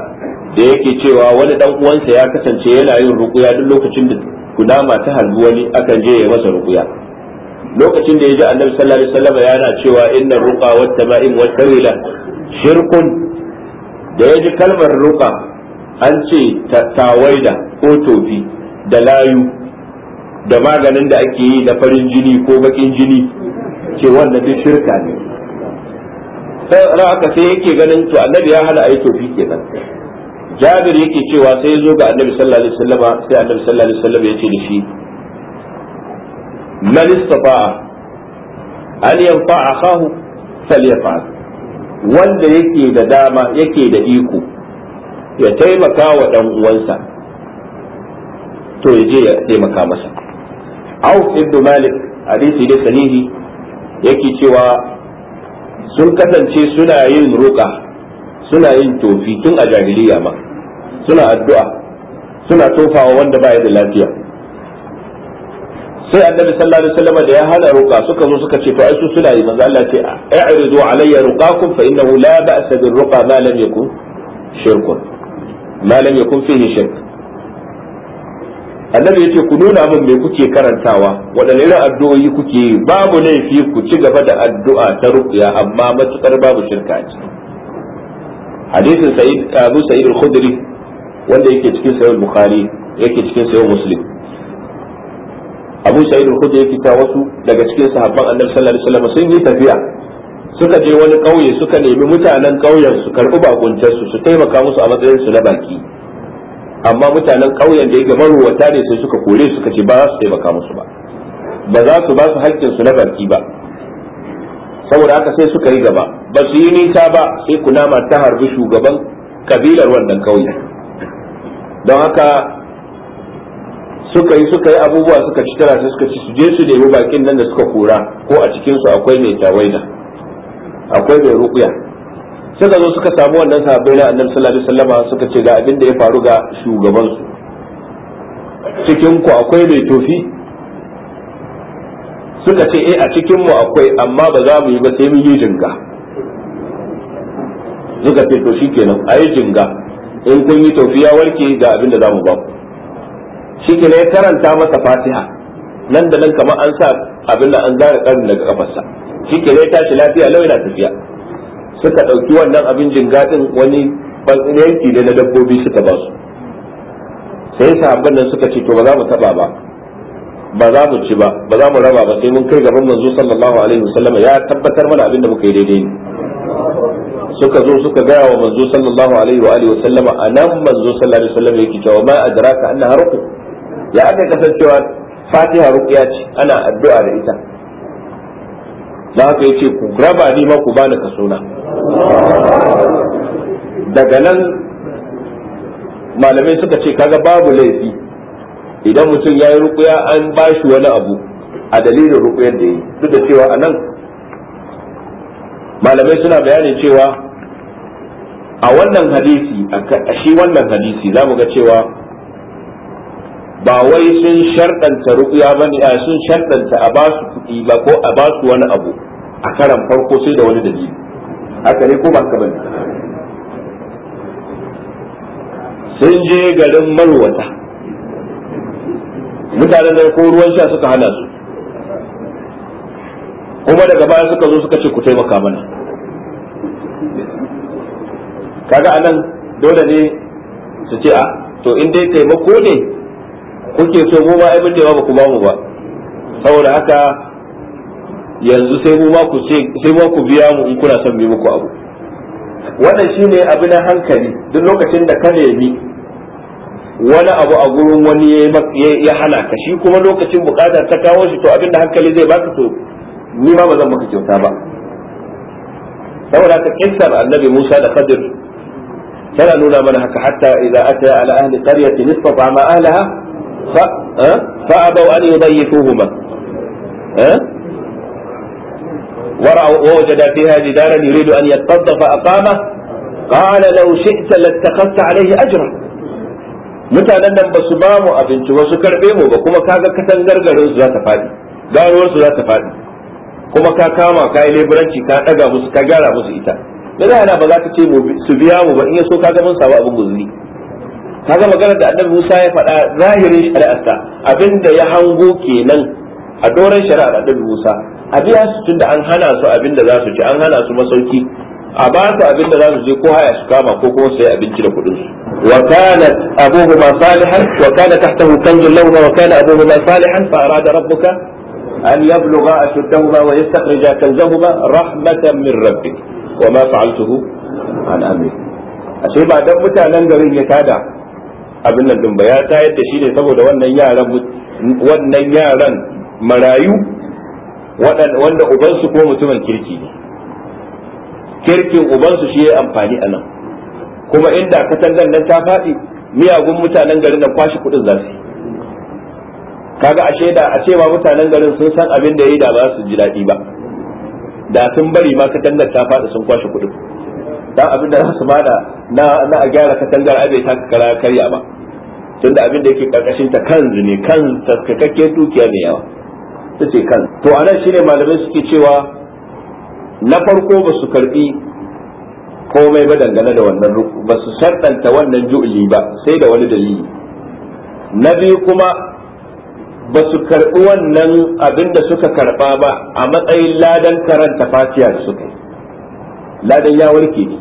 da yake cewa wani dan uwansa ya kasance yana yin rukuya duk lokacin da kunama ta harbi wani akan je ya masa rukuya lokacin da ya ji annabi sallallahu alaihi wasallam yana cewa inna ruqa wat tama'im wa tawila shirkun da ya ji kalmar ruqa an ce tawaida ko tofi da layu da maganin da ake yi da farin jini ko bakin jini ce wannan duk shirka ne ra haka sai yake ganin to annabi ya hana ayi tofi kenan jabir yake cewa sai ya zo ga annabi sallallahu alaihi wasallama sai annabi sallallahu alaihi wasallama ya ce da shi man istafa an yanfa akahu falyafa'al wanda yake da dama yake da iko ya taimaka wa dan uwansa to ya je ya taimaka masa Auf ibn Malik hadisi da sahihi yake cewa sun kasance suna yin ruka suna yin tofi tun a jahiliya ma suna addu'a suna tofawa wanda ba da lafiya sai annabi sallallahu alaihi wasallam da ya hana ruka suka zo suka ce to ai su suna yi manzo Allah ce a'ridu alayya ruqakum fa innahu la ba'sa bil ruqa ma lam yakun shirkun ma lam yakun fihi shirk annabi yace ku nuna min me kuke karantawa waɗanne irin addu'o'i kuke yi babu laifi ku ci gaba da addu'a ta ruqya amma matukar babu shirka a ciki hadisin sa'id abu sa'id al-khudri wanda yake cikin sahih bukhari yake cikin sahih muslim abu sa'id al-khudri yake ta wasu daga cikin sahabban annabi sallallahu alaihi wasallam sun yi tafiya suka je wani kauye suka nemi mutanen kauyen su karɓi bakuncin su su taimaka musu a matsayin su na baki amma mutanen ƙauyen da ya yake maruwata ne sai suka kore suka ce ba za su taimaka musu ba ba za su ba su haƙƙin su na baki ba saboda haka sai suka yi gaba ba su yi nisa ba sai kunama ta harbi shugaban kabilar wannan ƙauye don haka suka yi suka yi abubuwa suka ci tara suka ci su je su nemi bakin nan da suka kora ko a cikin su akwai mai tawaida akwai mai ruƙuya suka zo suka samu wannan sahabbai na annabi sallallahu alaihi wasallam suka ce ga abin da ya faru ga shugaban su cikin ku akwai mai tofi suka ce eh a cikin mu akwai amma ba za mu yi ba sai mun yi jinga suka ce to shikenan ayi jinga in kun yi tofi ya warke ga abin da za mu ba ku shikenan ya karanta masa fatiha nan da nan kamar an sa abin da an zara karin daga kafarsa shikenan ya tashi lafiya lau yana tafiya suka ɗauki wannan abin jingadin wani yanki ne na dabbobi suka ba su sai sahabban nan suka ce to ba za mu taba ba ba za mu ci ba ba za mu raba ba sai mun kai gaban manzo sallallahu alaihi wasallam ya tabbatar mana abin da muka yi daidai ne suka zo suka gaya wa manzo sallallahu alaihi wa alihi wasallam anan manzo sallallahu alaihi wasallam yake cewa ma adraka annaha ruku ya aka kasancewa fatiha ruqiya ce ana addu'a da ita da haka yace ku raba ni ma ku bani kasuna daga nan malamai suka ce kaga babu laifi idan mutum ya yi rukuya an ba shi wani abu a dalilin rukuyar da yi duk da cewa a nan malamai suna bayanin cewa a wannan hadisi a shi wannan hadisi za mu ga cewa ba wai sun sharɗanta rukuya ba ne sun sharɗanta a ba su kuɗi ba ko a ba su wani abu a karan farko sai da wani dalili haka ne ko ba haka bane sun je garin marwata mutanen da ko ruwan sha suka hana su kuma daga baya suka zo suka ce ku taimaka mana kaga anan dole ne su ce a to in dai taimako ne kuke so mu ba ai da ba ku ba mu ba saboda haka yanzu sai mu ma ku biya mu in kuna son mu muku abu wannan shine abu na hankali duk lokacin da ka nemi wani abu a gurin wani ya hana ka shi kuma lokacin bukatar ta kawo shi to abinda hankali zai baka to ni ma ba zan maka kyauta ba saboda haka kissar annabi Musa da Khadir tana nuna mana haka hatta idza ata ala ahli qaryatin istata'a ma ahliha fa eh, fa abaw an yudayyifuhuma eh ووجد فيها جدارا يريد أن يتقض فأقامه قال لو شئت لاتخذت عليه أجرا mutanen nan ba su ba mu abinci ba su karbe mu ba kuma kaga katangar garin su za ta faɗi garuwar su za ta faɗi kuma ka kama ka yi leburanci ka ɗaga musu ka gyara musu ita me yana ba za ka ce su biya mu ba in ya so ga mun samu abin guzuri kaga maganar da annabi Musa ya faɗa zahirin shari'arsa abinda ya hango kenan a doran shari'ar annabi Musa a biya su tunda an hana su abin da za su ci an hana su masauki a ba su abin da za su je ko haya su kama ko kuma sai abinci da kudin su wa kana abuhu ma salihan wa kana tahtahu kanzun lahum wa kana abuhu ma salihan fa arada rabbuka an yablugha ashuddahuma wa yastakhrija kanzahuma rahmatan min rabbik wa ma fa'altuhu an amri sai ba dan mutanen garin ya tada abin nan din ba ya tayar da shi ne saboda wannan yaran wannan yaran marayu wanda ubansu ko mutumin kirki ne kirkin ubansu shi ya amfani a nan kuma inda katangar nan ta faɗi miyagun mutanen garin nan kwashe kuɗin za su kaga a shaida a cewa mutanen garin sun san abin da ya yi da ba su ji daɗi ba da sun bari ma katangar ta faɗi sun kwashe kuɗin dan abin da za su bada na na a gyara katangar abe ta karya ba tunda abin da yake karkashin ta kanzu ne kan tsarkakakke dukiya mai yawa ta ce kan to anan shine malamai suke cewa na farko ba su karbi komai ba dangane da wannan ruku ba su shaddanta wannan ju'uli ba sai da wani dalili na biyu kuma ba su karbi wannan abin da suka karba ba a matsayin ladan karanta fatiya da suka yi ladan ya warke ne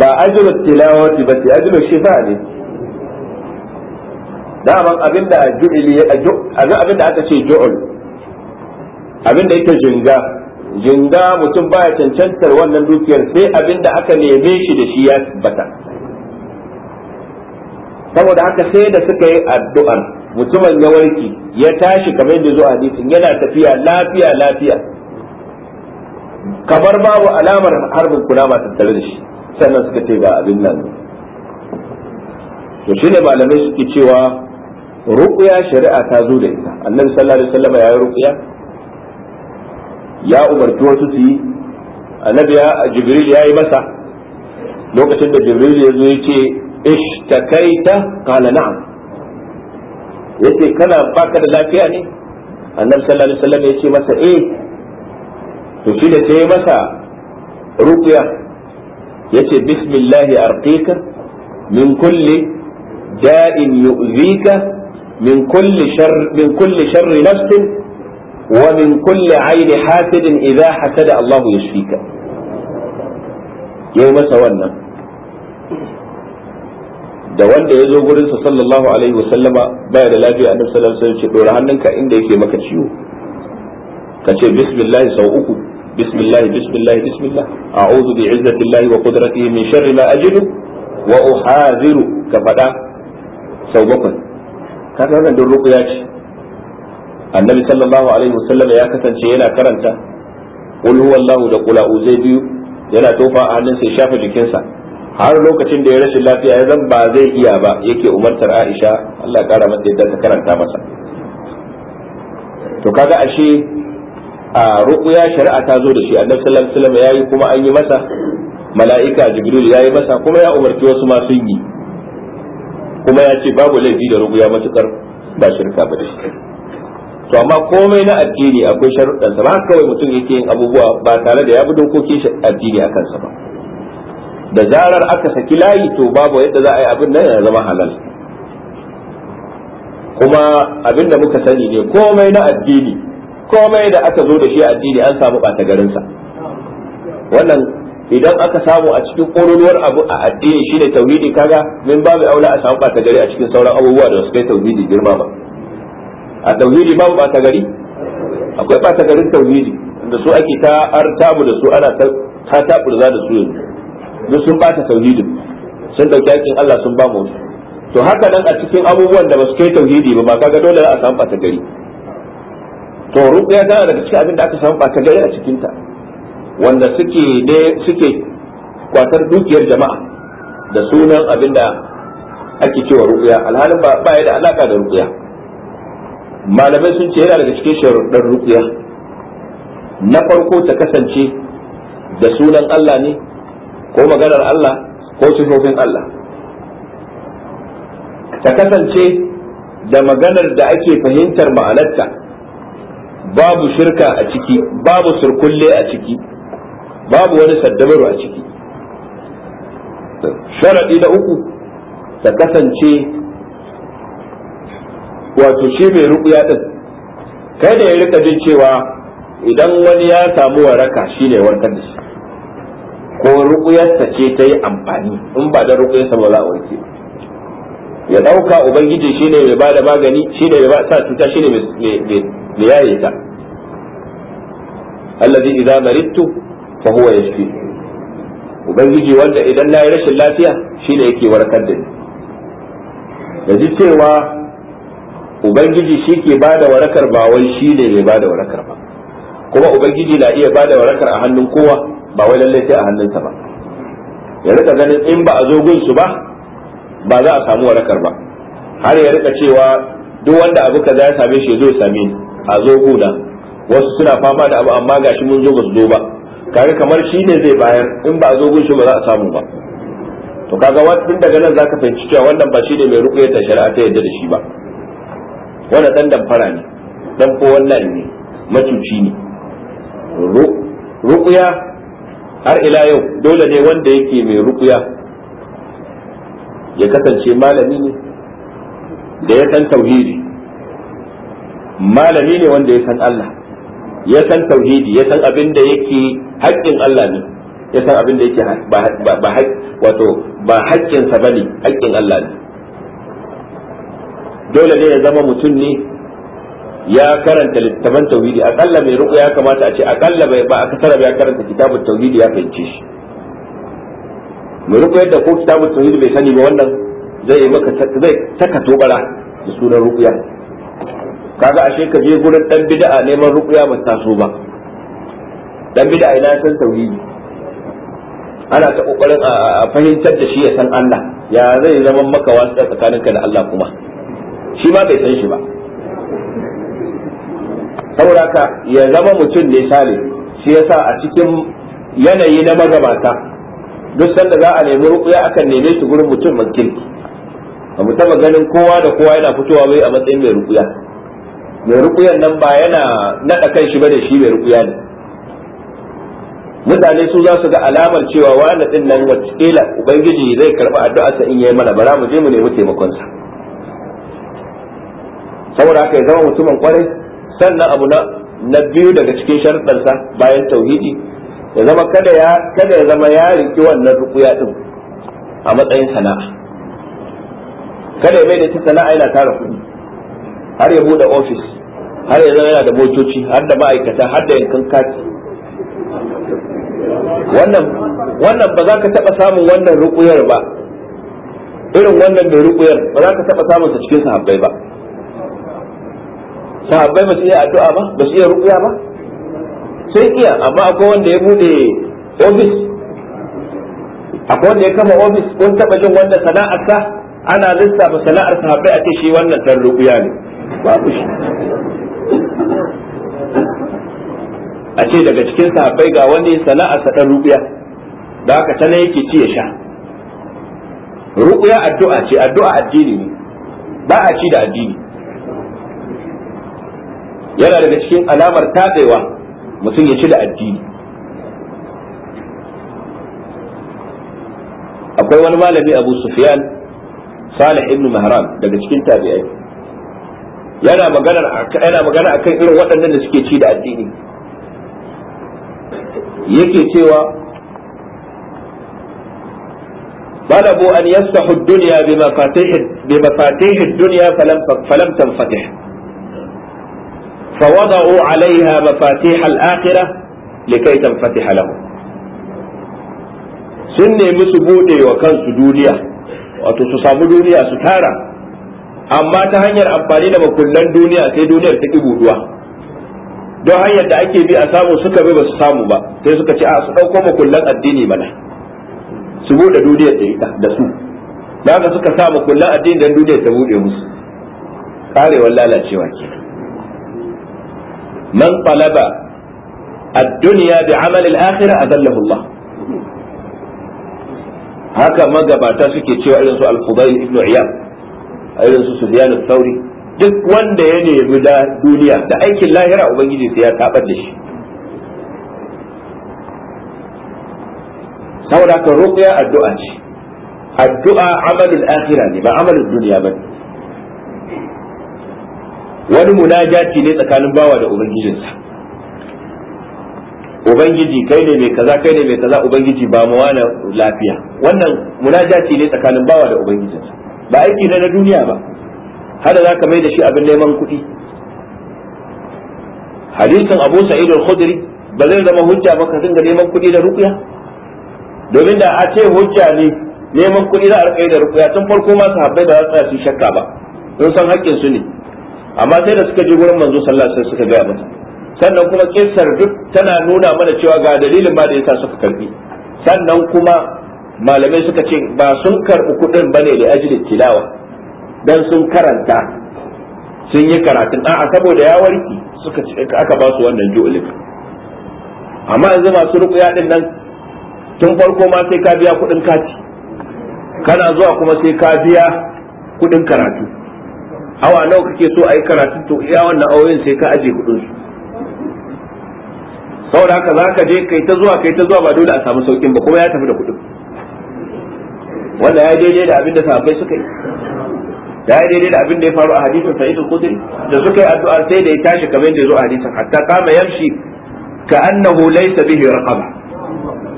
ba ajiyar tilawati ba ce ajiyar shifa ne daman abinda ju'ili abinda aka ce ju'ul abinda yake jinga jinga mutum baya cancantar wannan dukiyar sai abinda aka neme shi da shi ya tabbata saboda haka sai da suka yi addu'ar mutumin ya warki ya tashi kamar yadda zuwa hadisin yana tafiya lafiya lafiya kamar babu alamar harbin kunama tattare da shi sannan suka ce ba abin nan to shine malamai suke cewa ruqya shari'a ta zo da ita annabi sallallahu alaihi wasallam ya yi ruqya ya umarci wasu su yi annabi ya jibril ya yi masa lokacin da jibril ya zo yace ishtakaita qala na'am yace kana baka da lafiya ne annabi sallallahu alaihi wasallam ce masa eh to shi da sai masa ruqya ce, bismillah arqika min kulli da'in yu'zika min kulli shar min kulli sharri nafsin wa min kulli aini hasidin idza hasada Allahu yashfika yayi masa wannan da wanda ya zo gurin sallallahu alaihi wa sallama baya da lafiya annabi sallallahu alaihi wasallam ce dora hannunka inda yake maka ciwo Ka ce, bismillah sau uku bismillah bismillah bismillah a'udhu bi izzatillahi wa qudratihi min sharri ma ajidu wa uhaziru ka fada sau bakwai ka ga wannan ruku ya ce annabi sallallahu alaihi wasallam ya kasance yana karanta qul huwallahu da qul a'udhu biyu yana tofa a hannun ya shafa jikinsa har lokacin da ya rashi lafiya ya zan ba zai iya ba yake umartar Aisha Allah ya kara mata yadda ta karanta masa to kaga ashe a ruqya shari'a ta zo da shi annabi sallallahu alaihi wasallam yayi kuma an yi masa mala'ika jibril yayi masa kuma ya umarci wasu masu yi kuma ya ce babu laifi da rubuya matukar ba shirka ba da shi to amma komai na addini akwai sharuɗansa ba kawai mutum yake yin abubuwa ba tare da ya bi dokokin addini a kansa ba da zarar aka saki layi to babu yadda za a yi abin nan ya zama halal kuma abin da muka sani ne komai na addini komai da aka zo da shi addini an samu ɓata garinsa wannan idan aka samu a cikin ƙololuwar abu a addini shi ne tauhidi kaga min babu aula a samu ɓata gari a cikin sauran abubuwa da su kai tauhidi girma ba a tauhidi babu ɓata gari akwai ɓata garin tauhidi da su ake ta artabu da su ana ta taburza da su yanzu duk sun ɓata tauhidin sun ɗauki aikin Allah sun ba mu to haka nan a cikin abubuwan da ba su kai tauhidi ba ba kaga dole a samu ɓata gari to ruƙuya tana daga cikin abin da aka samu ɓata gari a cikinta ta wanda suke ne suke kwatar dukiyar jama'a da sunan abinda ake cewa ruqya alhalin ba ya da alaka da ruqya malamai sun ce yana daga cikin sharuɗan ruqya na farko ta kasance da sunan Allah ne ko maganar Allah ko sifofin Allah ta kasance da maganar da ake fahimtar ma'anarta babu shirka a ciki babu surkulle a ciki babu wani saddamaro a ciki sharadi na uku ta kasance wato shi mai ɗin. din da ya rika jin cewa idan wani ya samu waraka shine warkar da shi ko ruƙuyarsa ce ta yi amfani in ba da ruƙuyarsa ba za a warke ya ɗauka ubangiji shine mai ba da magani shine mai ba sa cuta shine mai yaye ta allazi idza maridtu fa huwa yashfi ubangiji wanda idan na yi rashin lafiya shi da yake warkar da ni da ji cewa ubangiji shi ke ba da warakar ba wai shi ne mai ba da ba kuma ubangiji na iya ba da warakar a hannun kowa ba wai lalle sai a hannunsa ba ya rika ganin in ba a zo gunsu ba ba za a samu warakar ba har ya rika cewa duk wanda abu kaza ya same shi ya zo ya same ni a zo guda wasu suna fama da abu amma gashi mun zo ba su zo ba kaga kamar shi ne zai bayar in ba a zo gunshi ba za a samu ba to kaga tun daga nan zaka fahimci cewa wannan ba shi ne mai ruku ta shari'a ta yadda da shi ba wanda dan damfara ne dan ko wannan ne macuci ne ruƙuya har ila yau dole ne wanda yake mai ruƙuya ya kasance malami ne da ya san tauhidi malami ne wanda ya san Allah ya san tauhidi ya san abin da yake haƙƙin Allah ne ya san abin da yake ba wato ba haƙƙin sa ne haƙƙin Allah ne dole ne ya zama mutum ne ya karanta littattafan tauhidi akalla mai ruku ya kamata a ce akalla bai ba ba ya karanta kitabun tauhidi ya fahimce shi mai ruku yadda ko kitabun tauhidi bai sani ba wannan zai maka zai saka tobara da sunan rukuya kaga ashe ka je gurin dan bid'a neman ruqya ba taso ba dan bid'a ina san tauhidi ana ta kokarin a fahimtar da shi ya san Allah ya zai zama maka wasu tsakaninka da Allah kuma shi ma bai san shi ba saboda ka ya zama mutum ne sale shi yasa a cikin yanayi na magabata duk sanda za a nemi rukuya akan neme shi gurin mutum makirki ba mu taba ganin kowa da kowa yana fitowa bai a matsayin mai rukuya mai rukuyan nan ba yana naɗa kan shi ba da shi mai rukuya ne mutane su za su ga alamar cewa wani ɗin nan wacce ubangiji zai karɓi sa in yayi mana bara mu je mu nemi taimakonsa saboda haka ya zama mutumin kwarai sannan abu na biyu daga cikin sa bayan tauhidi ya zama kada ya kada ya zama ya riki wannan rukuya din a matsayin sana'a kada ya mai da ta sana'a yana tara kuɗi har ya buɗe ofis har yanzu yana da motoci har da ma'aikata har da yankan kati wannan wannan ba za ka taɓa samun wannan rukuyar ba irin wannan mai rukuyar ba za ka taɓa samun ta cikin sahabbai ba sahabbai ba su iya addu'a ba ba su iya rukuya ba sai iya amma akwai wanda ya bude ofis akwai wanda ya kama ofis kun taɓa jin wanda sana'arsa ana lissafa sana'ar sahabbai a ce shi wannan dan rukuya ne babu shi a ce daga cikin sahabbai ga wani sana'a sadan rubiya da haka tana yake ci ya sha rubiya addu'a ce addu'a addini ne ba a ci da addini yana daga cikin alamar tatsewa mutum ya ci da addini akwai wani malami abu sufyan salih ibn mahram daga cikin tabi'ai yana magana akan irin waɗannan da suke ci da addini yake cewa balabu an yaftahu ad-dunya bi mafatih ad-dunya falam falam tanfatih فوضعوا عليها مفاتيح الآخرة لكي تنفتح لهم sun nemi su bude wa kansu duniya wato su samu duniya su tara amma ta hanyar amfani da makullan duniya sai duniyar ta ƙi buduwa don hanyar da ake bi a samu suka bi ba su samu ba sai suka ce a su ɗauko makullan addini mana su buɗe duniyar da ita da su da haka suka sa makullan addini don duniyar ta buɗe musu karewar lalacewa ke man talaba ad-dunya bi amal al-akhirah adallahu Allah haka magabata suke cewa irin su al-fudayl ibn iyad irin su sufyan al-thawri duk wanda ya nemi da duniya da aikin lahira ubangiji sai ya tabar da shi saboda ka ruqya addu'a ce addu'a amalul akhirah ne ba amalul duniya ba wani munajati ne tsakanin bawa da ubangijinsa ubangiji kai ne mai kaza kai ne mai kaza ubangiji ba mu wani lafiya wannan munajati ne tsakanin bawa da ubangijinsa ba aiki na duniya ba hada za ka mai shi abin neman kuɗi hadisin abu sa'id al-khudri ba zai zama hujja ba ka dinga neman kuɗi da ruqya domin da a ce hujja ne neman kuɗi za a rika da ruqya tun farko ma sahabbai ba za su shakka ba sun san haƙƙin su ne amma sai da suka je gurin manzo sallallahu alaihi wasallam suka gaya mata sannan kuma kissar duk tana nuna mana cewa ga dalilin ma da yasa suka karbi sannan kuma malamai suka ce ba sun karɓi kuɗin bane da ajilin tilawa dan sun karanta sun yi karatun a'a saboda ya warki suka aka ba su wannan ju'ulin amma yanzu masu rukuya din nan tun farko ma sai ka biya kuɗin kati kana zuwa kuma sai ka biya kuɗin karatu awa nawa kake so a yi karatu to iya wannan auyen sai ka aje kudin su saboda haka za ka je kai ta zuwa kai ta zuwa ba dole a samu saukin ba kuma ya tafi da kuɗin wanda ya daidai da abin da sahabbai suka yi da ya daidai da abin da ya faru a hadisin sa'id al kudin da suka yi addu'a sai da ya tashi kamar yadda ya zo a hadisin hatta kama yamshi ka annahu laysa bihi raqaba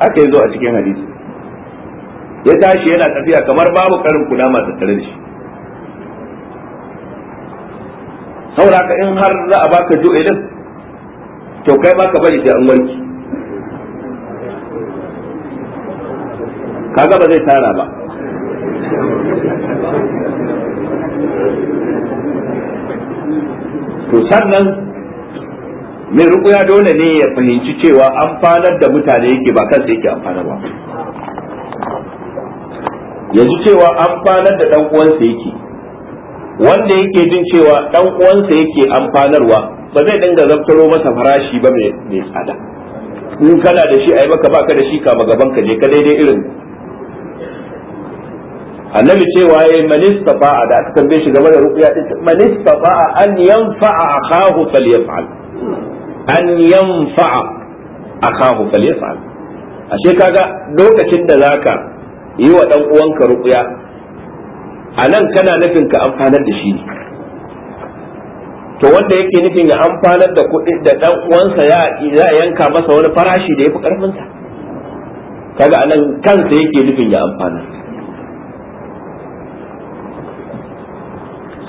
aka yi zo a cikin hadisi ya tashi yana tafiya kamar babu karin kuna masu tare da shi saboda ka in har za a baka idan to kai ma ka bari sai an warki kaga ba zai tara ba to sannan mai rukuya dole ne ya fahimci cewa amfanar da mutane yake ba kansa yake amfana ba yanzu cewa amfanar da dan uwansa yake wanda yake jin cewa dan uwansa yake amfanarwa ba zai dinga zaftaro masa farashi ba mai tsada in kana da shi ai maka baka da shi kama gaban ka ne ka daidai irin annabi cewa yayi man istata'a da aka tambaye shi game da ruqya din man istata'a an yanfa'a akahu falyaf'al an yanfa'a akahu falyaf'al ashe kaga lokacin da zaka yi wa dan uwanka ruqya a nan kana nufin ka amfanar da shi ne to wanda yake nufin ya amfanar da kuɗi da ɗan uwansa ya yanka masa wani farashi da ya fi ƙarfinsa kaga anan kansa yake nufin ya amfana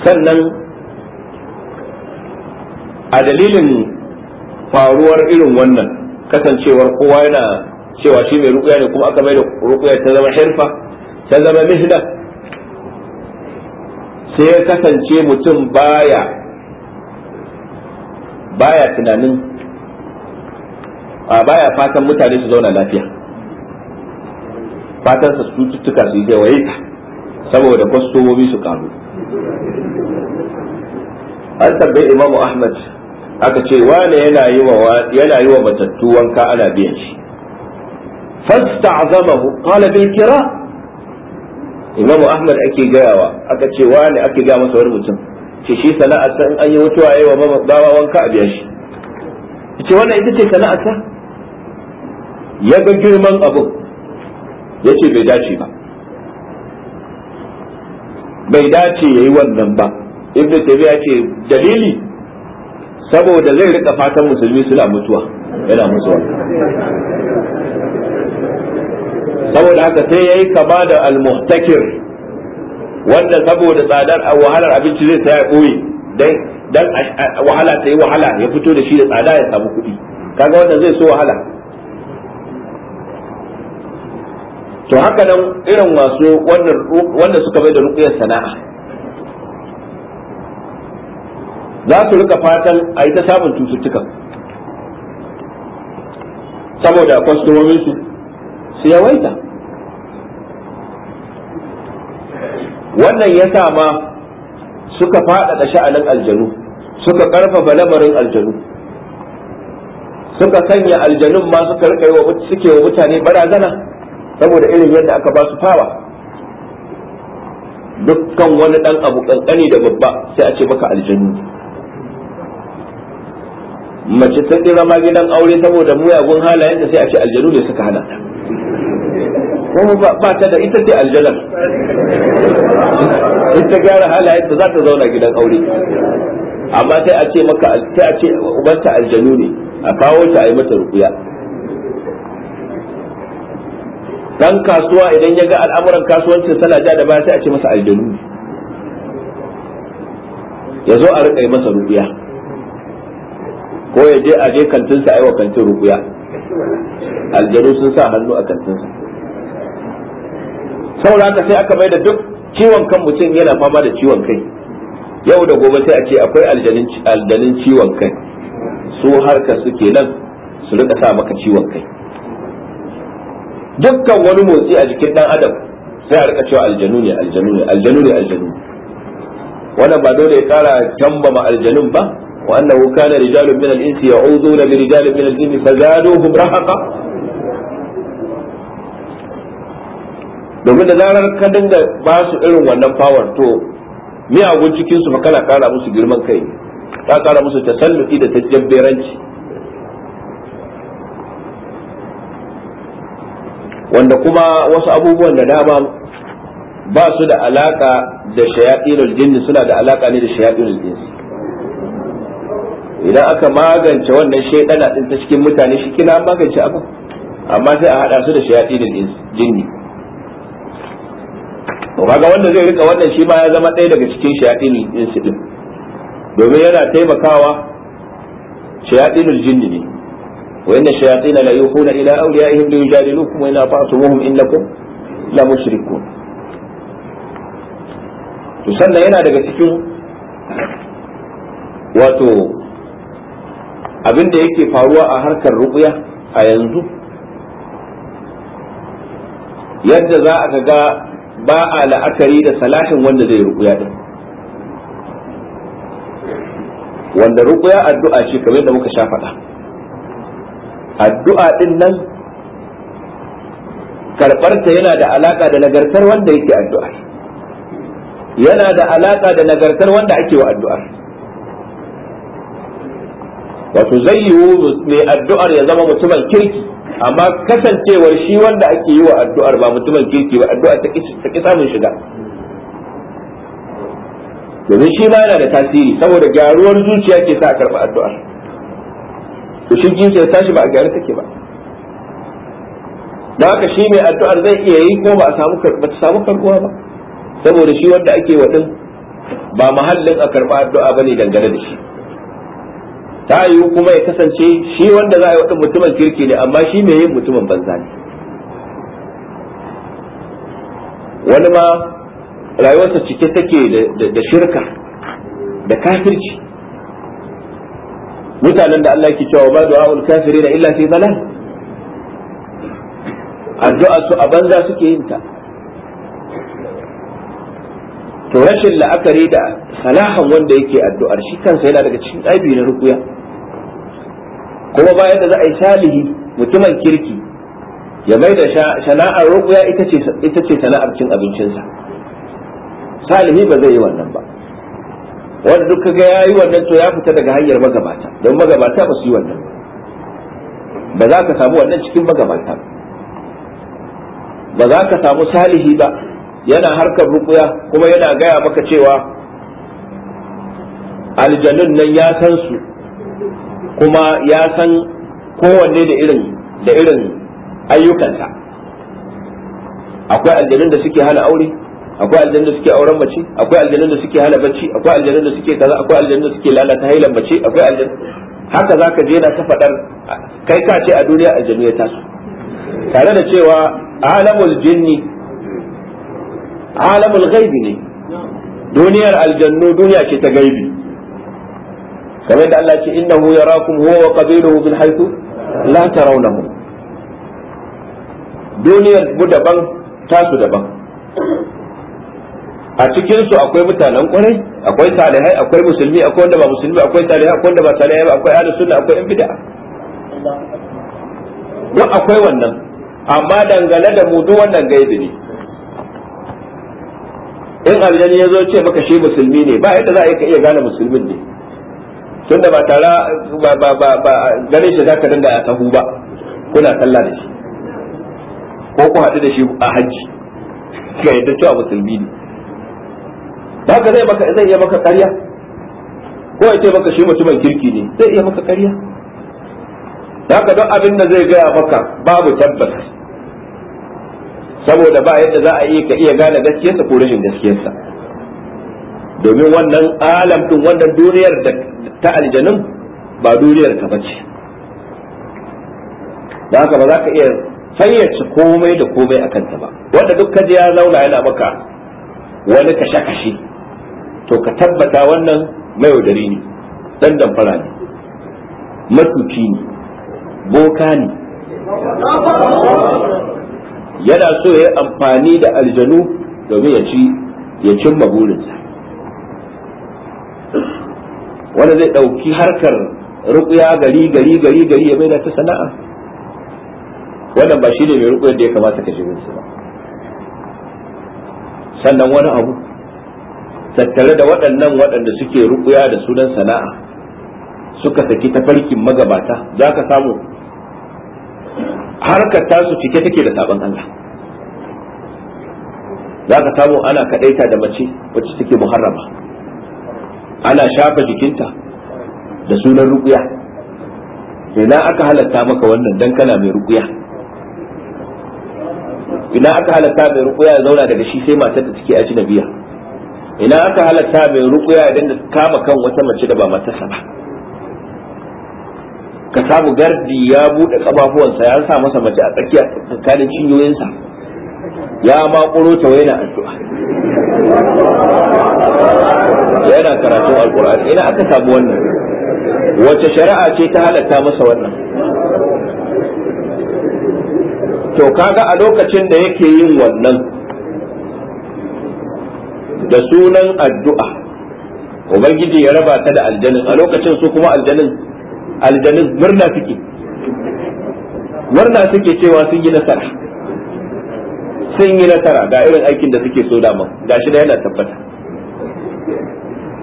sannan a dalilin faruwar irin wannan kasancewar kowa yana cewa shi mai rukuya ne kuma aka mai da rukuya ta zama hirfa ta zama mihna sai ya kasance mutum baya baya tunanin a baya fatan mutane su zauna lafiya fatan su cututtuka su yi waye saboda kwastomomi su karu an tambayi imam ahmad aka ce wane yana yi wa yana yi wa matattu wanka ana biyan shi fasta'zamahu qala bil kira imam ahmad ake gayawa aka ce wane ake ga masa wani mutum ce shi sana'a san an yi mutuwa yayi wa bawa wanka a biyan shi ce wane ita ce sana'a ya ga girman abu yace bai dace ba bai dace ya yi wannan ba ibn tabi'a ce dalili saboda zai rika fatan musulmi suna mutuwa yana mutuwa saboda haka sai yayi kama da al-muhtakir wanda saboda tsadar wahalar abinci zai saya boye dan dan wahala ta yi wahala ya fito da shi da tsada ya samu kuɗi kaga wanda zai so wahala to haka nan irin wasu wanda suka bai da rukuyar sana'a za su rika fatan a yi ta samun cututtukan saboda kwastomomin su su yawaita wannan ya sa ma suka faɗaɗa sha'anin aljanu suka ƙarfafa lamarin aljanu suka sanya aljanun ma suka rika yi suke wa mutane barazana saboda irin yadda aka ba su fawa dukkan wani dan abu kankani da babba sai a ce maka aljannu mace ta tsira ma gidan aure saboda muyagun halayen da sai a ce aljanu ne suka hana kuma ba ta da ita ce aljanar ita gyara halayen da za ta zauna gidan aure amma sai a ce maka sai a ce ubanta aljanu ne a kawo ta a yi mata rukuya dan kasuwa idan ya ga al'amuran kasuwancin tana ja da baya sai a ce masa aljanu ya zo a riƙe yi masa rubiya ko ya je a je kantinsa a yi wa kantin rubiya aljanu sun sa hannu a kantinsa saboda haka sai aka mai da duk ciwon kan mutum yana fama da ciwon kai yau da gobe sai a ce akwai aljanin ciwon kai su harka suke nan su rika sa maka ciwon kai dukkan wani motsi a jikin dan adam sai a rika cewa aljanu ne aljanu ne aljanu ne aljanu wannan ba dole ya kara ma aljanun ba wa annahu kana rijalun min al-insi ya'uduna bi rijalin min al jinn fazaduhum rahaqa domin da zarar ka dinga ba su irin wannan power to miyagun cikin su fa kana kara musu girman kai ka kara musu tasalluki da tajabberanci wanda kuma wasu abubuwan da dama ba su da alaka da shayatinul jinni suna da alaka ne da shayatinul jinsi idan aka magance wannan shaidana din ta cikin mutane shi kina magance abu amma sai a hada su da shayatinul jinni to kaga wanda zai rika wannan shi ma ya zama ɗaya daga cikin shayatinul jinsi din domin yana taimakawa shayatinul jinni ne wa inna shayatin la yuhuna ila awliyaihim li yujadilukum wa in ata'tumuhum innakum la mushrikun to sannan yana daga cikin wato abinda da yake faruwa a harkar ruqya a yanzu yadda za a ga ba a la'akari da salahin wanda zai ruqya din wanda rukuya addu'a ce kamar da muka sha faɗa addu'a din nan karɓarta yana da alaka da nagartar wanda yake addu'ar yana da alaka da nagartar wanda ake wa addu'ar wato zai yiwu mai addu'ar ya zama mutumin kirki amma kasancewar shi wanda ake yi wa addu'ar ba mutumin kirki ba addu'ar ta ki samun shiga domin shi ma yana da tasiri saboda gyaruwar zuciya ke sa a karɓi addu'ar to shi ya tashi ba a gyara take ba da haka shi mai addu'ar zai iya yi ko ba a samu ba ta samu karbuwa ba saboda shi wanda ake wa ba mahallin a karba addu'a bane dangane da shi ta yiwu kuma ya kasance shi wanda za a yi wa mutumin kirki ne amma shi mai yin mutumin banza ne wani ma rayuwarsa cike take da shirka da kafirci mutanen da Allah ke cewa ba du'a'ul kafirina illa fi dalal addu'a su a banza suke yin ta to rashin la'akari da salahan wanda yake addu'ar shi kansa yana daga cikin aibi na rukuya kuma bayan da za a yi salihi mutumin kirki ya mai da sana'ar rukuya ita ce sana'ar cin abincinsa salihi ba zai yi wannan ba wanda duk kaga yayi wannan to ya fita daga hanyar magabata don magabata ba su yi wannan ba za ka samu wannan cikin magabata ba za ka samu salihi ba yana harkar rukuya kuma yana gaya maka cewa aljanun nan ya san su kuma ya san kowanne da irin da irin ayyukansa akwai aljanun da suke hana aure akwai aljanna suke auren mace akwai aljanna da suke hala bacci akwai aljanna da suke kaza akwai aljanna da suke lalata hailan mace akwai aljanna haka zaka je na ta fadar kai ka ce a duniya aljanna ya taso tare da cewa alamul jinni alamul ghaibi ne duniyar aljannu duniya ce ta gaibi kamar da Allah ce innahu yarakum huwa wa qabiluhu min haythu la tarawnahu duniyar mu daban tasu daban a cikin su akwai mutanen kwarai akwai salihai akwai musulmi akwai wanda ba musulmi akwai salihai akwai wanda ba salihai ba akwai ahlus sunna akwai yan bid'a duk akwai wannan amma dangane da mu duk wannan gaibi ne in aljani ya zo ce maka shi musulmi ne ba yadda za a iya gane musulmin ne tunda ba tara ba ba ba ba ganin shi zaka dinga a sahu ba kuna sallah da shi ko ku haɗu da shi a hajji ga yadda cewa musulmi ne haka zai maka zai iya maka ƙarya ko ya ce maka shi mutumin kirki ne zai iya maka ƙarya haka don abin da zai gaya maka babu tabbas saboda ba yadda za a yi ka iya gane gaskiyarsa ko rashin gaskiyarsa domin wannan alam din wannan duniyar da ta aljanun ba duniyar ka bace da haka ba za ka iya fayyace komai da komai a kanta ba wanda duk kaji ya zauna yana maka wani kashe-kashe to ka tabbata wannan mayaudari ne dan damfara ne matuki ne boka ne yana so ya yi amfani da aljanu domin ya ci ya cimma burinsa wanda zai ɗauki harkar rukuya gari gari gari gari ya maida ta sana'a wannan ba shi ne mai rukuyar da ya kamata ka shiga ba sannan wani abu tattare da waɗannan waɗanda suke rukuya da sunan sana'a suka saki tafarkin magabata za ka samu harkar tasu cike take da sabon Allah za ka samu ana kaɗaita da mace wacce take muharrama ana shafa jikinta da sunan rukuya ina aka halatta maka wannan dan kana mai rukuya ina aka halatta mai rukuya zauna daga shi sai matar da take ajinabiya ina aka halatta mai rukuya idan da kama kan wata mace da ba matarsa ba ka samu gardi ya buɗe ƙafafuwansa ya sa masa mace a tsakiya tsakanin cinyoyinsa ya ma ta waina addu'a yana karatun alƙur'ani ina aka samu wannan wace shari'a ce ta halatta masa wannan to kaga a lokacin da yake yin wannan da sunan addu'a ubangiji ya raba ta da aljanin a lokacin su kuma aljanin aljanin murna suke murna suke cewa sun yi nasara sun yi nasara ga irin aikin da suke so dama shi da yana tabbata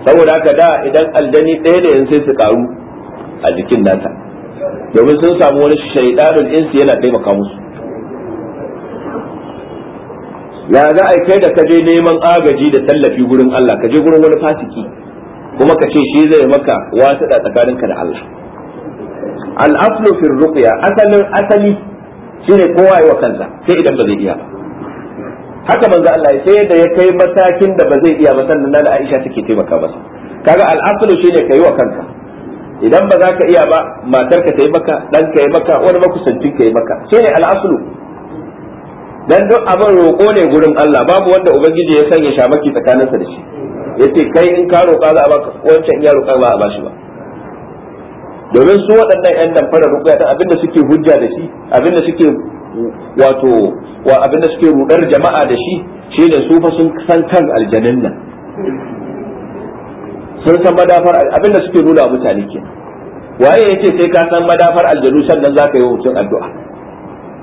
saboda haka da idan aljani ɗaya ne yanzu sai su karu a jikin nata domin sun samu wani shaidanul insu yana taimaka musu ya za a kai da ka je neman agaji da tallafi gurin Allah ka je gurin wani fasiki kuma ka ce shi zai maka wata da tsakaninka da Allah al'aflu fi ruqya asalin asali shine kowa yi wa kansa sai idan ba zai iya ba haka manzo Allah sai da ya kai matakin da ba zai iya ba sannan da Aisha take taimaka masa kaga al'aslu shine kai wa kanka idan ba za ka iya ba matar ka ta yi maka dan ka yi maka wani makusancin ka yi maka shine al'aslu dan duk abin roƙo ne gurin Allah babu wanda ubangiji ya sanya shamaki tsakaninsa da shi yace kai in ka roƙa za a baka wancan iya roƙa ba a bashi ba domin su waɗannan ƴan damfara ruƙuya ta abinda suke hujja da shi abinda suke wato wa abinda suke rudar jama'a da shi shi ne su fa sun san kan aljannan nan sun san madafar abinda suke nuna mutane kenan waye yace sai ka san madafar aljanu sannan zaka yi mutum addu'a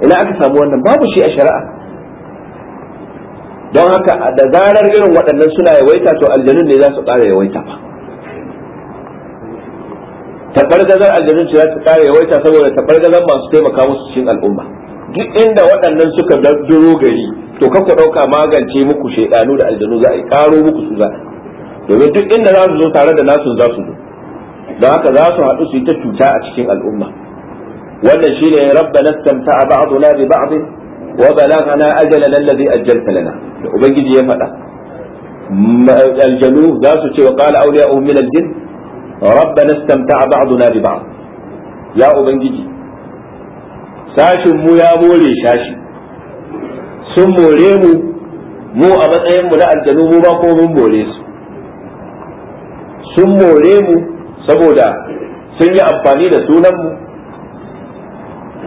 ina aka samu wannan babu shi a shari'a don haka da zarar irin waɗannan suna yawaita to aljanun ne za su ƙara yawaita ba tabargazar aljanun ce za su ƙara yawaita saboda tabargazar masu taimaka musu cikin al'umma duk inda waɗannan suka duro gari to kakku ɗauka magance muku shaidanu da aljanu za a yi ƙaro muku su za domin duk inda za su zo tare da nasu za su zo don haka za su haɗu su yi ta cuta a cikin al'umma wannan shi ne Rabba na shine rabbana istamta'a ba'duna bi ba'd wa balaghana ajalana alladhi ajjalta lana ubangiji ya faɗa aljanu za su ce wa qala awliya'uhum min aljin a istamta'a ba'duna bi ba'd ya ubangiji sashin mu ya more shashi sun more mu mu a matsayin mu na aljanu mu ba ko mun more su sun more mu saboda sun yi amfani da sunan mu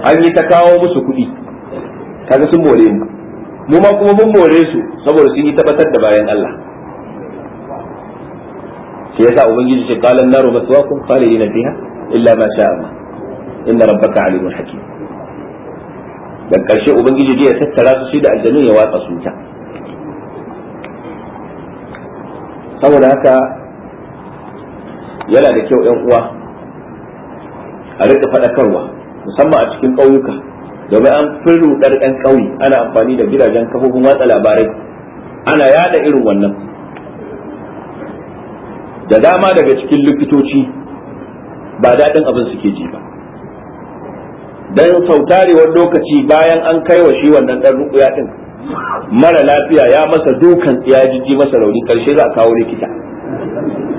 an yi ta kawo musu kuɗi kaga sun more mu mu ma kuma mun more su saboda sun yi tabbatar da bayan Allah shi yasa ubangiji ce qalan naru maswaakum qalina fiha illa ma sha Allah inna rabbaka alimul hakim da karshe ubangiji ya tattara su shi da aljanu ya watsa su ta saboda haka yana da kyau yan uwa a rika faɗakarwa musamman a cikin ƙauyuka domin an fi rudar ɗan ƙauye ana amfani da gidajen kafofin watsa labarai ana yada irin wannan da dama daga cikin likitoci ba daɗin abin suke ji ba don sautarewar lokaci bayan an kai wa shi wannan ɗan rukuya ɗin mara lafiya ya masa dukan ya jijji masa rauni ƙarshe za a kawo likita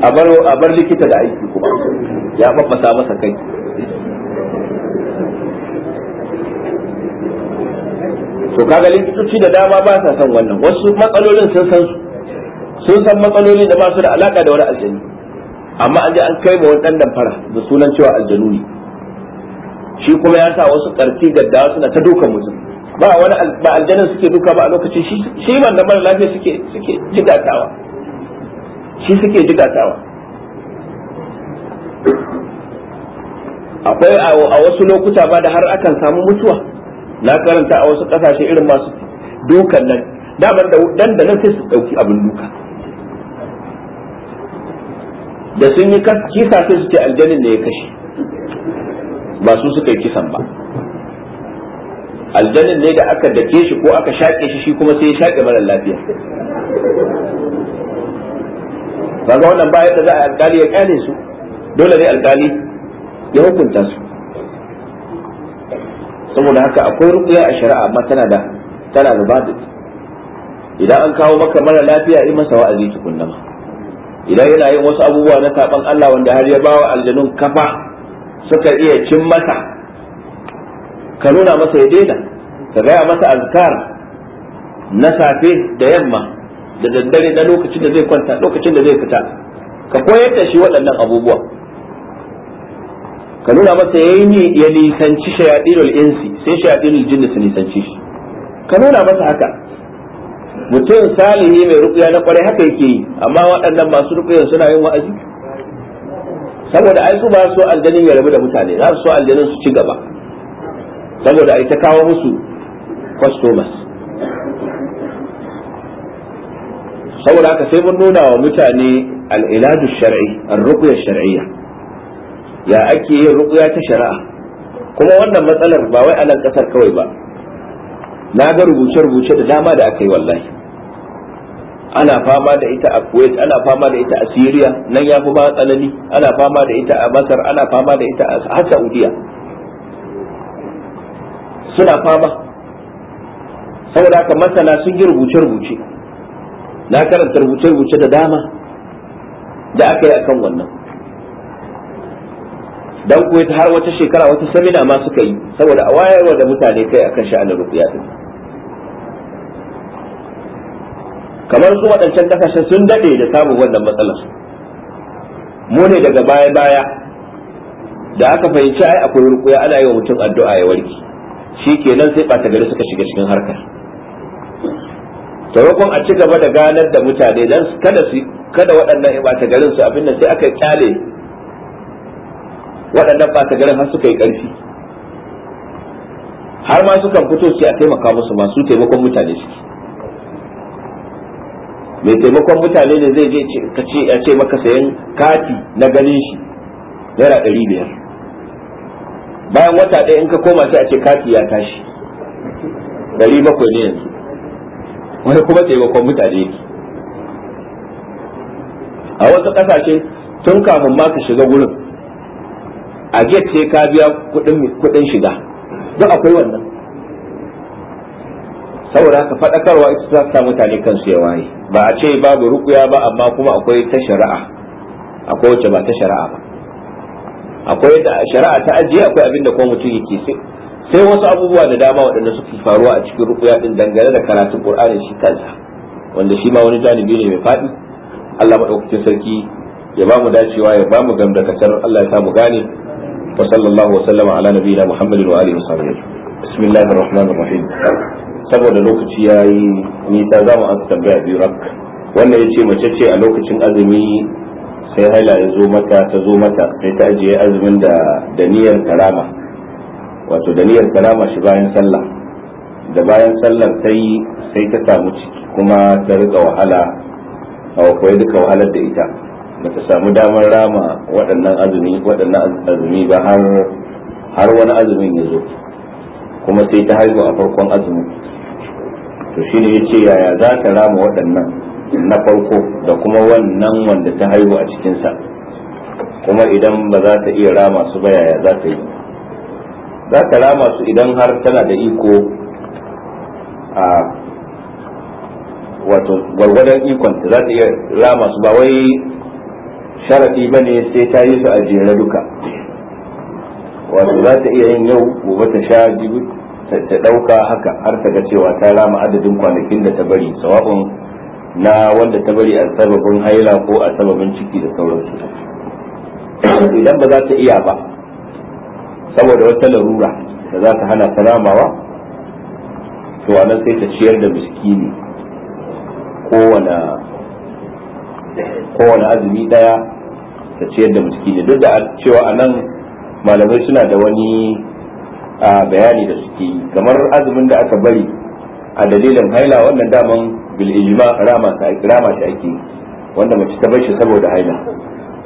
a bar likita da aiki kuma ya babbasa masa kai to kaga likitoci da dama ba sa san wannan wasu matsalolin sun san su sun san matsalolin da ba su da alaka da wani aljanu amma an je an kai ma wani dan damfara da sunan cewa aljanu ne shi kuma ya sa wasu karfi gaddawa suna ta dukan mutum ba wani ba aljanin suke duka ba a lokacin shi shi man da mara lafiya suke suke jigatawa shi suke jigatawa akwai a wasu lokuta ba da har akan samu mutuwa na karanta a wasu kasashe irin masu dukan nan damar da dan da nan sai su dauki abin duka da sun yi kisa sai su ce aljanin ne ya kashe ba su suka yi kisan ba aljanin ne da aka dake shi ko aka shaƙe shi shi kuma sai ya shaƙe mara lafiya ga wannan ba yadda za a alkali ya kyale su dole ne alkali ya hukunta su saboda haka akwai rukuya a shari'a amma tana da tana da idan an kawo maka mara lafiya in masa wa'azi tukunna ma idan yana yin wasu abubuwa na saban Allah wanda har ya bawa aljanun kafa suka iya cin masa ka nuna masa ya daina ka gaya masa azkar na safe da yamma da daddare na lokacin da zai kwanta lokacin da zai fita ka koyar da shi waɗannan abubuwa ka nuna masa ya yi ya nisanci shayatinul insi sai shayatinul jinni su nisanci shi ka nuna masa haka mutum salihi mai rukuya na kwarai haka yake yi amma waɗannan masu rukuyan suna yin wa'azi saboda ai su ba su aljanin ya rabu da mutane za su so aljanin su ci gaba saboda ai ta kawo musu customers saboda haka sai mun nuna wa mutane al'iladu shar'i ar-ruqya shar'iyya ya ake yin rukuya ta shari'a kuma wannan matsalar ba wai a nan kasar kawai ba na ga rubuce-rubuce da dama da aka yi wallahi ana fama da ita a kuwait ana fama da ita a syria nan ya fi ba tsanani ana fama da ita a masar ana fama da ita a saudiya suna fama saboda haka masana sun yi rubuce-rubuce na karanta rubuce-rubuce da dama da aka yi akan wannan dan kuwait har wata shekara wata samina ma suka yi saboda a wayarwa da mutane kai akan sha'anin ruqya din kamar su waɗancan kasashe sun daɗe da samun wannan matsalar mu ne daga baya baya da aka fahimci ai akwai rukuya ana yi wa mutum addu'a ya warke shi kenan sai ɓata gari suka shiga cikin harkar taimakon a ci gaba da ganar da mutane dan kada su kada waɗannan ɓata garin su abin nan sai aka kyale waɗannan ɓata garin har suka yi ƙarfi har ma sukan fito su a taimaka musu masu taimakon mutane suke mai taimakon mutane ne zai je a ce maka sayan kati na ganin shi naira ɗari biyar bayan wata ɗaya in ka koma sai a ce kati ya tashi ɗari bakwai ne yanzu wani kuma taimakon mutane ne. a wasu ƙasashe tun kafin ma ka shiga gurin a get sai ka biya kuɗin shiga duk akwai wannan saboda haka faɗakarwa ita za ta mutane kansu ya waye ba a ce babu rukuya ba amma kuma akwai ta shari'a akwai wacce ba ta shari'a ba akwai da shari'a ta ajiye akwai abin da kuma mutum yake sai sai wasu abubuwa da dama waɗanda suke faruwa a cikin rukuya din dangane da karatun qur'ani shi kansa wanda shi ma wani janibi ne mai faɗi Allah madaukakin sarki ya ba mu dacewa ya ba mu gamdakatar Allah ya sa mu gane وصلى الله وسلم على نبينا محمد وآله وصحبه بسم الله الرحمن الرحيم saboda lokaci ya yi nisa za mu ansa tambaya biyu rak wannan ya ce mace ce a lokacin azumi sai haila ya zo mata ta zo mata sai ta ajiye azumin da daniyar karama wato daniyar karama shi bayan sallah da bayan sallar sai sai ta samu ciki kuma ta rika wahala a akwai duka wahalar da ita bata samu damar rama waɗannan azumi waɗannan azumi ba har har wani azumin ya zo kuma sai ta haihu a farkon azumi to shi ya ce yaya za ta rama waɗannan na farko da kuma wannan wanda ta haihu a cikinsa kuma idan ba za ta iya rama su ba yaya za ta yi za ta rama su idan har tana da iko a wato gwargwadon ikonta za ta iya rama su ba wai sharadi ba ne sai ta yi su a jere duka wato za ta iya yin yau gobe ta sha jibi ta ɗauka haka har ta ga cewa ta rama adadin kwanakin da ta bari sawa'un na wanda ta bari a sababin haila ko a sababin ciki da sauransu idan ba za ta iya ba saboda wata larura da za ta hana ta ramawa to anan sai ta ciyar da miskini kowane azumi daya ta ciyar da miskini duk da cewa a nan malamai suna da wani bayani da suke yi kamar azumin da aka bari a dalilin haila wannan daman bil ijma rama ta rama shi ake wanda mace ta bar shi saboda haila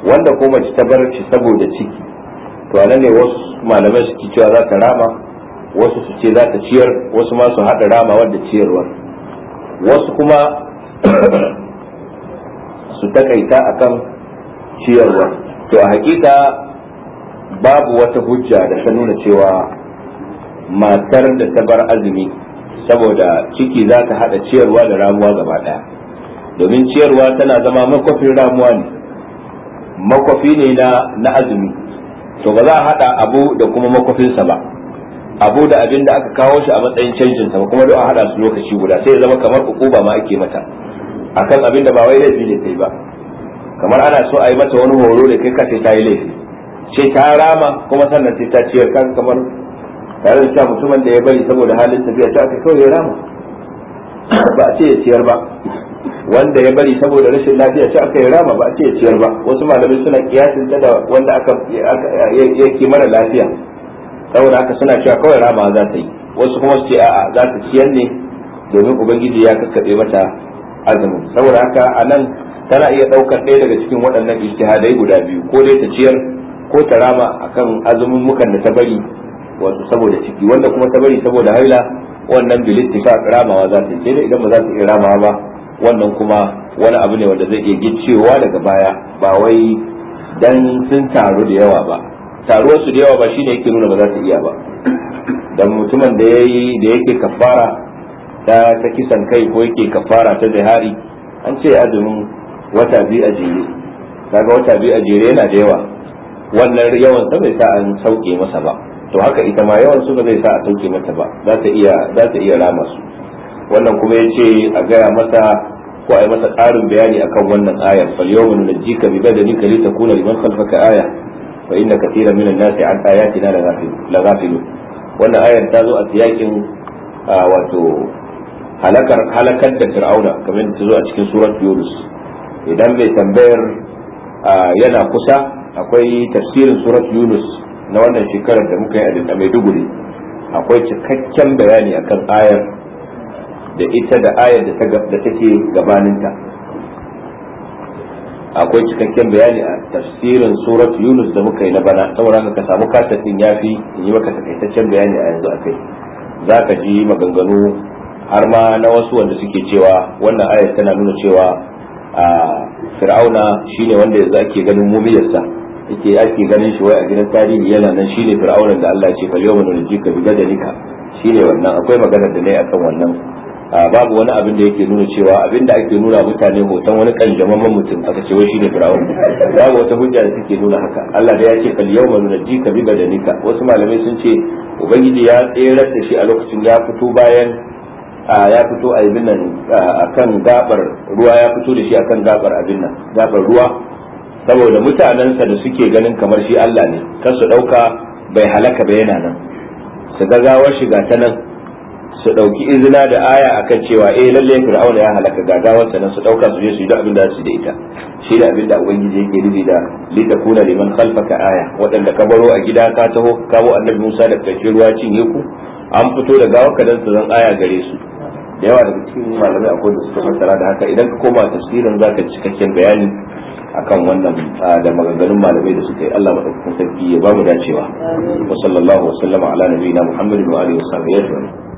wanda ko mace ta bar shi saboda ciki to anan ne wasu malamai suke cewa za ta rama wasu su ce za ta ciyar wasu ma su haɗa rama wanda ciyarwar wasu kuma su takaita akan ciyarwa to a hakika babu wata hujja da ta nuna cewa matar da ta bar azumi saboda ciki za ta hada ciyarwa da ramuwa gaba daya domin ciyarwa tana zama makwafin ramuwa ne makwafi ne na azumi to ba za a hada abu da kuma makwafinsa ba abu da abin da aka kawo shi a matsayin canjin sa kuma da a hada su lokaci guda sai ya zama kamar ukuba ma ake mata akan abin da ba wai laifi ne kai ba kamar ana so a yi mata wani horo da kai kace ta yi laifi ce ta rama kuma sannan sai ta ciyar kan kamar tare da cewa mutumin da ya bari saboda halin tafiya ta aka kawai ya rama ba a ce ya ciyar ba wanda ya bari saboda rashin lafiya ta aka yi rama ba a ce ya ciyar ba wasu malamai suna kiyasin ta da wanda aka ke mara lafiya saboda haka suna cewa kawai rama za ta yi wasu kuma su ce a'a za ta ciyar ne domin ubangiji ya kakkaɓe mata azumin saboda haka a nan tana iya ɗaukar ɗaya daga cikin waɗannan ijtihadai guda biyu ko dai ta ciyar ko ta rama akan azumin mukan da ta bari wato saboda ciki wanda kuma ta bari saboda haila wannan bilittifa ramawa za ta yi idan ba za ta iya ramawa ba wannan kuma wani abu ne wanda zai iya gicewa daga baya ba wai dan sun taru da yawa ba taruwar su da yawa ba shine yake nuna ba za ta iya ba dan mutumin da yayi da yake kafara ta ta kisan kai ko yake kafara ta zihari an ce azumin wata biyu a jere kaga wata biyu a jere yana da yawa wannan yawan sa bai sa an sauke masa ba to haka ita ma yawan su ba zai sa a sauke mata ba za ta iya za ta iya rama su wannan kuma ya ce a gaya masa ko a yi masa ƙarin bayani akan wannan ayar fal yawma najika bi badanika li takuna liman khalfaka aya fa inna katiran minan nasi an ayatina la ghafilun wannan ayar ta zo a tiyakin wato halakar halakar da fir'auna kamar ta zo a cikin surat yunus idan mai tambayar yana kusa akwai tafsirin surat yunus na wannan shekarar da muka yi a duguri akwai cikakken bayani akan ayar da ita da ayar da take gabaninta akwai cikakken bayani a tafsirin surat yunus da muka yi na bana saboda ka samu ya fi in yi maka takaitaccen bayani a yanzu akai za ka ji maganganu har ma na wasu wanda suke cewa wannan ayar tana nuna cewa a fir'auna shine wanda yanzu ake ganin mumiyarsa yake ake ganin shi wai a gidan tarihi yana nan shine fir'auna da Allah ya ce fal yawma nunjika bi badanika shine wannan akwai magana da nayi akan wannan babu wani abin da yake nuna cewa abin da ake nuna mutane hoton wani kanjamamman mutum aka ce wai shine Firauna. babu wata hujja da take nuna haka Allah da ya ce fal yawma nunjika bi badanika wasu malamai sun ce ubangiji ya tsere da shi a lokacin ya fito bayan ya fito a abin nan kan gabar ruwa ya fito da shi kan gabar abin nan gabar ruwa saboda mutanensa da suke ganin kamar shi Allah ne kan su ɗauka bai halaka ba yana nan su gawar shiga ta nan su ɗauki izina da aya akan cewa eh lalle fir'auna ya halaka gagawar ta nan su ɗauka su je su yi abin da su da ita shi da abin da ubangiji yake nufi da li takuna liman khalfaka aya Waɗanda ka baro a gida ka taho kawo annabi Musa da kake ruwa cinye ku an fito da gawar ka dan su zan aya gare su da yawa daga cikin malamai akwai da suka fassara da haka idan ka koma tafsirin za ka cikakken bayani akan wannan ah, da maganganun malamai da suka yi Allah madaukakin sarki ya ba mu dacewa wa sallallahu wa sallama ala nabiyina muhammadin wa alihi wa